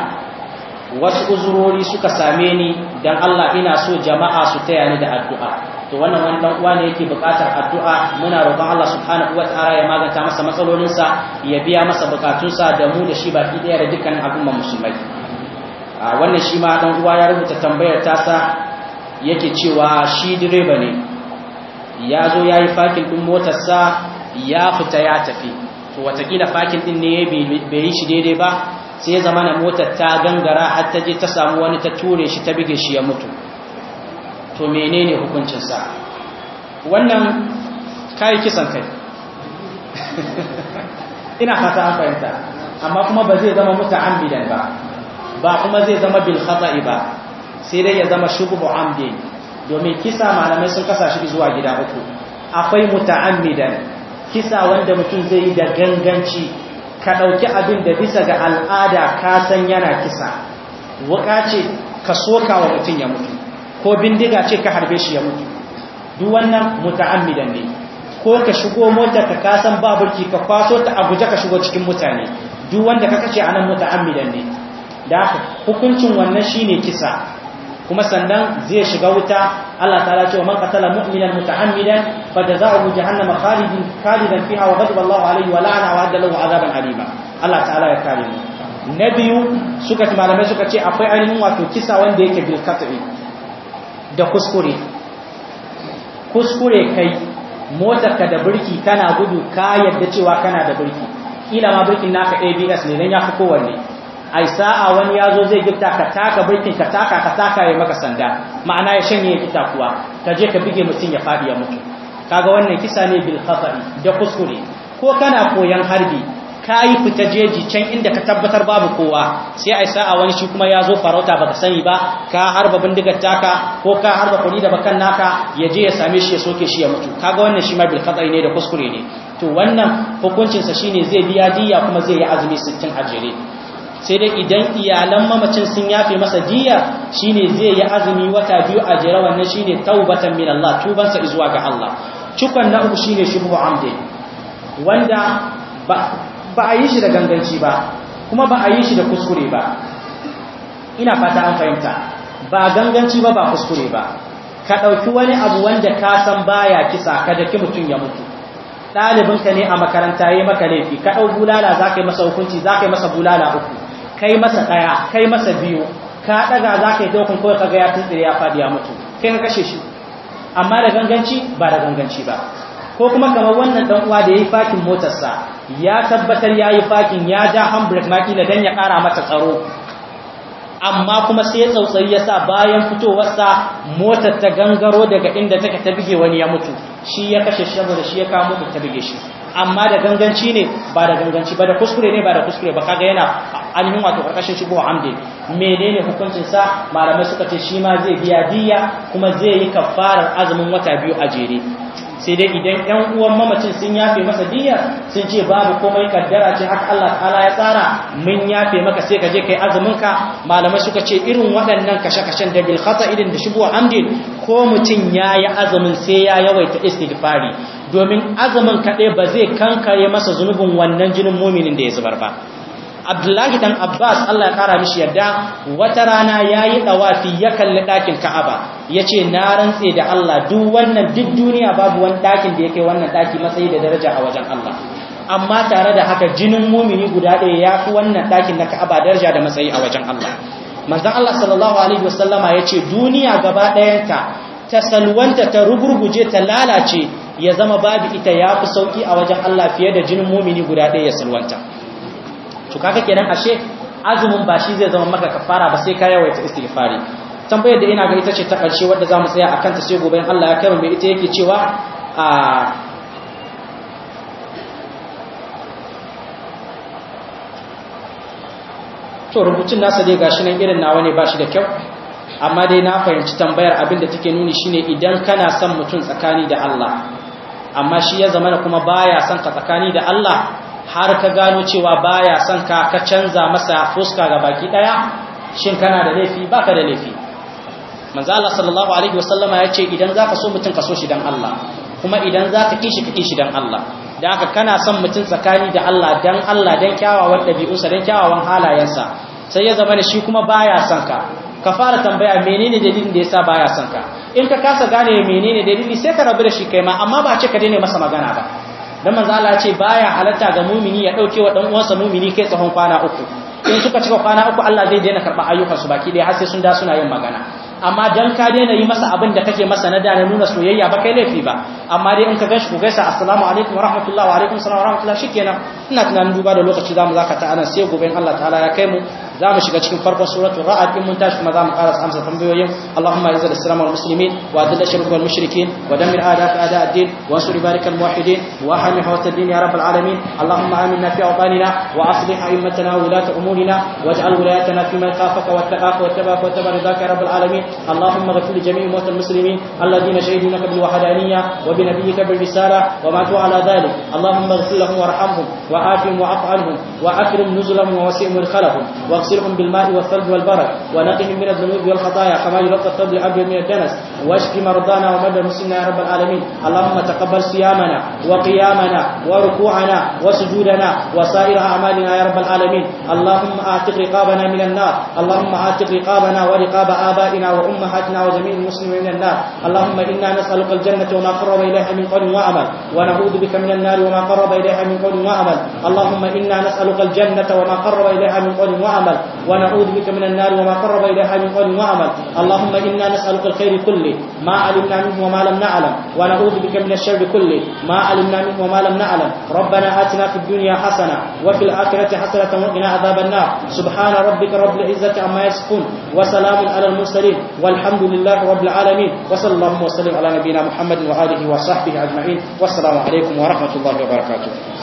wasu uzurori suka same ni dan Allah ina so jama'a su taya ni da addu'a to wannan wani dan uwa ne yake buƙatar addu'a muna roƙon Allah subhanahu ta'ala ya magance masa matsalolinsa ya biya masa bukatunsa da mu da shi baki daya da dukkanin al'umma musulmai a wannan shi ma dan uwa ya rubuta tambayar tasa yake cewa shi direba ne ya zo ya yi fakin ɗin motarsa ya fita ya tafi to watakila fakin ɗin ne bai yi shi daidai ba sai ya zama na motar ta gangara har ta je ta samu wani ta ture shi ta bige shi ya mutu to menene hukuncinsa wannan kayi kisan kai ina fata an fahimta amma kuma ba zai zama mutu ambidan ba ba kuma zai zama bil khata'i ba sai dai ya zama shubhu amdin domin kisa malamai sun kasa shi zuwa gida uku akwai muta'ammidan kisa wanda mutum zai yi da ganganci ka ɗauki abin da bisa ga al'ada ka san yana kisa wuka ce ka soka wa mutum ya mutu ko bindiga ce ka harbe shi ya mutu duk wannan muta'ammidan ne ko ka shigo mota ka kasan baburki ka kwaso ta abuja ka shigo cikin mutane duk wanda ka kace anan muta'ammidan ne da hukuncin wannan shine kisa kuma sannan zai shiga wuta Allah ta'ala wa man qatala mu'minan muta'ammidan jazaa'uhu jahannama khalidin khalidan fiha wa ghadiba Allahu alayhi wa la'ana wa adda lahu 'adaban alima Allah ta'ala ya kare mu na biyu suka malamai suka ce akwai ainihin wato kisa wanda yake bil qat'i da kuskure kuskure kai motar ka da birki kana gudu ka yadda cewa kana da birki kila ma birkin naka ABS ne dan ya fi kowanne ai sa'a wani ya zo zai gifta ka taka birkin ka taka ka taka ya maka sanda ma'ana ya shanye ya kita kuwa ka je ka bige mutum ya faɗi ya mutu kaga wannan kisa ne bil khafari da kuskure ko kana koyan harbi kayi fita jeji can inda ka tabbatar babu kowa sai ai sa'a wani shi kuma ya zo farauta baka sani ba ka harba bindigar taka ko ka harba kuri da bakan naka ya je ya same shi ya soke shi ya mutu kaga wannan shi ma bil khatari ne da kuskure ne to wannan hukuncinsa sa shine zai biya diya kuma zai yi azumi 60 ajere sai dai idan iyalan mamacin sun yafe masa diya shine zai yi azumi wata biyu a jira wannan shine taubatan min Allah tubansa zuwa ga Allah cikon na uku shine shubu amde wanda ba a yi shi da ganganci ba kuma ba a yi shi da kuskure ba ina fata an fahimta ba ganganci ba ba kuskure ba ka ɗauki wani abu wanda ka san baya kisa ka daki mutum ya mutu dalibinka ne a makaranta yayi maka laifi ka ɗau bulala za masa hukunci za masa bulala uku kai masa ɗaya kai masa biyu ka ɗaga za ka yi daukun kawai kaga ya tuntsire ya faɗi ya mutu kai ka kashe shi amma da ganganci ba da ganganci ba ko kuma kamar wannan dan uwa da yayi fakin motarsa ya tabbatar yayi fakin ya ja handbrake ma kila dan ya kara mata tsaro amma kuma sai ya tsautsayi yasa sa bayan sa motar ta gangaro daga inda take ta bige wani ya mutu shi ya kashe shi saboda shi ya kawo mutu ta bige shi amma da ganganci ne ba da ganganci ba da kuskure ne ba da kuskure ba kaga yana ainihin wato karkashin shigo amde menene hukuncin sa malamai suka ce shi ma zai biya diya kuma zai yi kafarar azumin wata biyu a jere sai dai idan yan uwan mamacin sun yafe masa diya sun ce babu komai kaddara ce haka Allah ta'ala ya tsara mun yafe maka sai ka je kai azumin ka malamai suka ce irin waɗannan kashe-kashen da bil khata irin da shubu amde ko mutum yayi azumin sai ya yawaita istighfari domin azumin kaɗai ba zai kankare masa zunubin wannan jinin muminin da ya zubar ba abdullahi dan abbas allah ya ƙara mishi yadda wata rana ya yi ɗawafi ya kalli ɗakin ka'aba ya ce na rantse da allah duk wannan duk duniya babu wani ɗakin da ya kai wannan ɗaki matsayi da daraja a wajen allah amma tare da haka jinin mumini guda ɗaya ya fi wannan ɗakin na ka'aba daraja da matsayi a wajen allah manzon allah sallallahu alaihi wasallama ya ce duniya gaba ɗayanta ta salwanta ta rugurguje ta lalace ya zama babu ita ya fi sauki a wajen Allah fiye da jinin mumini guda ɗaya ya salwanta to kaga kenan ashe azumin ba shi zai zama maka kafara ba sai ka yawaita istighfari tambayar da ina ga ita ce ta ƙarshe wadda za mu tsaya a kanta sai gobe Allah ya kai mu ita yake cewa a to rubutun nasa dai gashi nan irin nawa ne bashi da kyau amma dai na fahimci tambayar abin da take nuni shine idan kana son mutum tsakani da Allah amma shi ya zama da kuma baya son ka tsakani da Allah har ka gano cewa baya son ka ka canza masa fuska ga baki daya shin kana da laifi baka da laifi manzo Allah sallallahu alaihi wasallama ya ce idan zaka so mutum ka so shi dan Allah kuma idan zaka kishi ka kishi dan Allah da haka kana son mutum tsakani da Allah dan Allah dan kyawawan dabi'unsa dan kyawawan halayensa sai ya zama da shi kuma baya son ka ka fara tambaya menene dalilin da yasa baya son ka in ka kasa gane menene dalili sai ka rabu da shi kai ma amma ba ce ka daina masa magana ba dan manzo Allah ya ce baya halatta ga mumini ya dauke wa dan uwansa mumini kai tsawon kwana uku in suka cika kwana uku Allah zai daina karba ayyukan su baki dai har sai sun da suna yin magana amma dan ka daina yi masa abin da kake masa na na nuna soyayya ba kai laifi ba amma dai in ka gashi ku gaisa assalamu alaikum wa rahmatullahi wa alaikum salam wa rahmatullahi shikenan ina tunanin duba da lokaci zamu zaka ana sai gobe in Allah ta'ala ya kai mu za mu shiga cikin farkon suratul ra'ad in mun tashi kuma za mu amsa tambayoyin Allahumma izzil islam wal muslimin wa adil shirk wal mushrikin wa dammir a'da a'da ad-din wa ansur barik al muwahhidin wa ahmi hawat ad-din ya rabbal alamin Allahumma aminna fi awtanina wa aslih a'immatana wa ulata umurina waj'al wilayatana fi man khafaka wa taqaka wa tabaka wa tabara ridaka ya rabbal alamin Allahumma ghfir li jami'i mawt al muslimin alladhina shahidu lak bil wahdaniyya wa bi nabiyyika bil risala wa matu ala dhalik Allahumma ighfir lahum warhamhum wa afihim wa af'alhum wa akrim nuzulahum wa wasi' wa واغسلهم بالماء والثلج والبرد ونقهم من الذنوب والخطايا كما يلقى الثوب الابيض من الدنس واشف مرضانا ومرضى المسلمين يا رب العالمين اللهم تقبل صيامنا وقيامنا وركوعنا وسجودنا وسائر اعمالنا يا رب العالمين اللهم اعتق رقابنا من النار اللهم اعتق رقابنا ورقاب ابائنا وامهاتنا وجميع المسلمين من النار اللهم انا نسالك الجنه وما قرب اليها من قول وعمل ونعوذ بك من النار وما قرب اليها من قول وعمل اللهم انا نسالك الجنه وما قرب اليها من قول وعمل ونعوذ بك من النار وما قرب إليها من قول وعمل اللهم إنا نسألك الخير كله ما علمنا منه وما لم نعلم ونعوذ بك من الشر كله ما علمنا منه وما لم نعلم ربنا آتنا في الدنيا حسنة وفي الآخرة حسنة وقنا عذاب النار سبحان ربك رب العزة عما يصفون وسلام على المرسلين والحمد لله رب العالمين وصلى الله وسلم على نبينا محمد وآله وصحبه أجمعين والسلام عليكم ورحمة الله وبركاته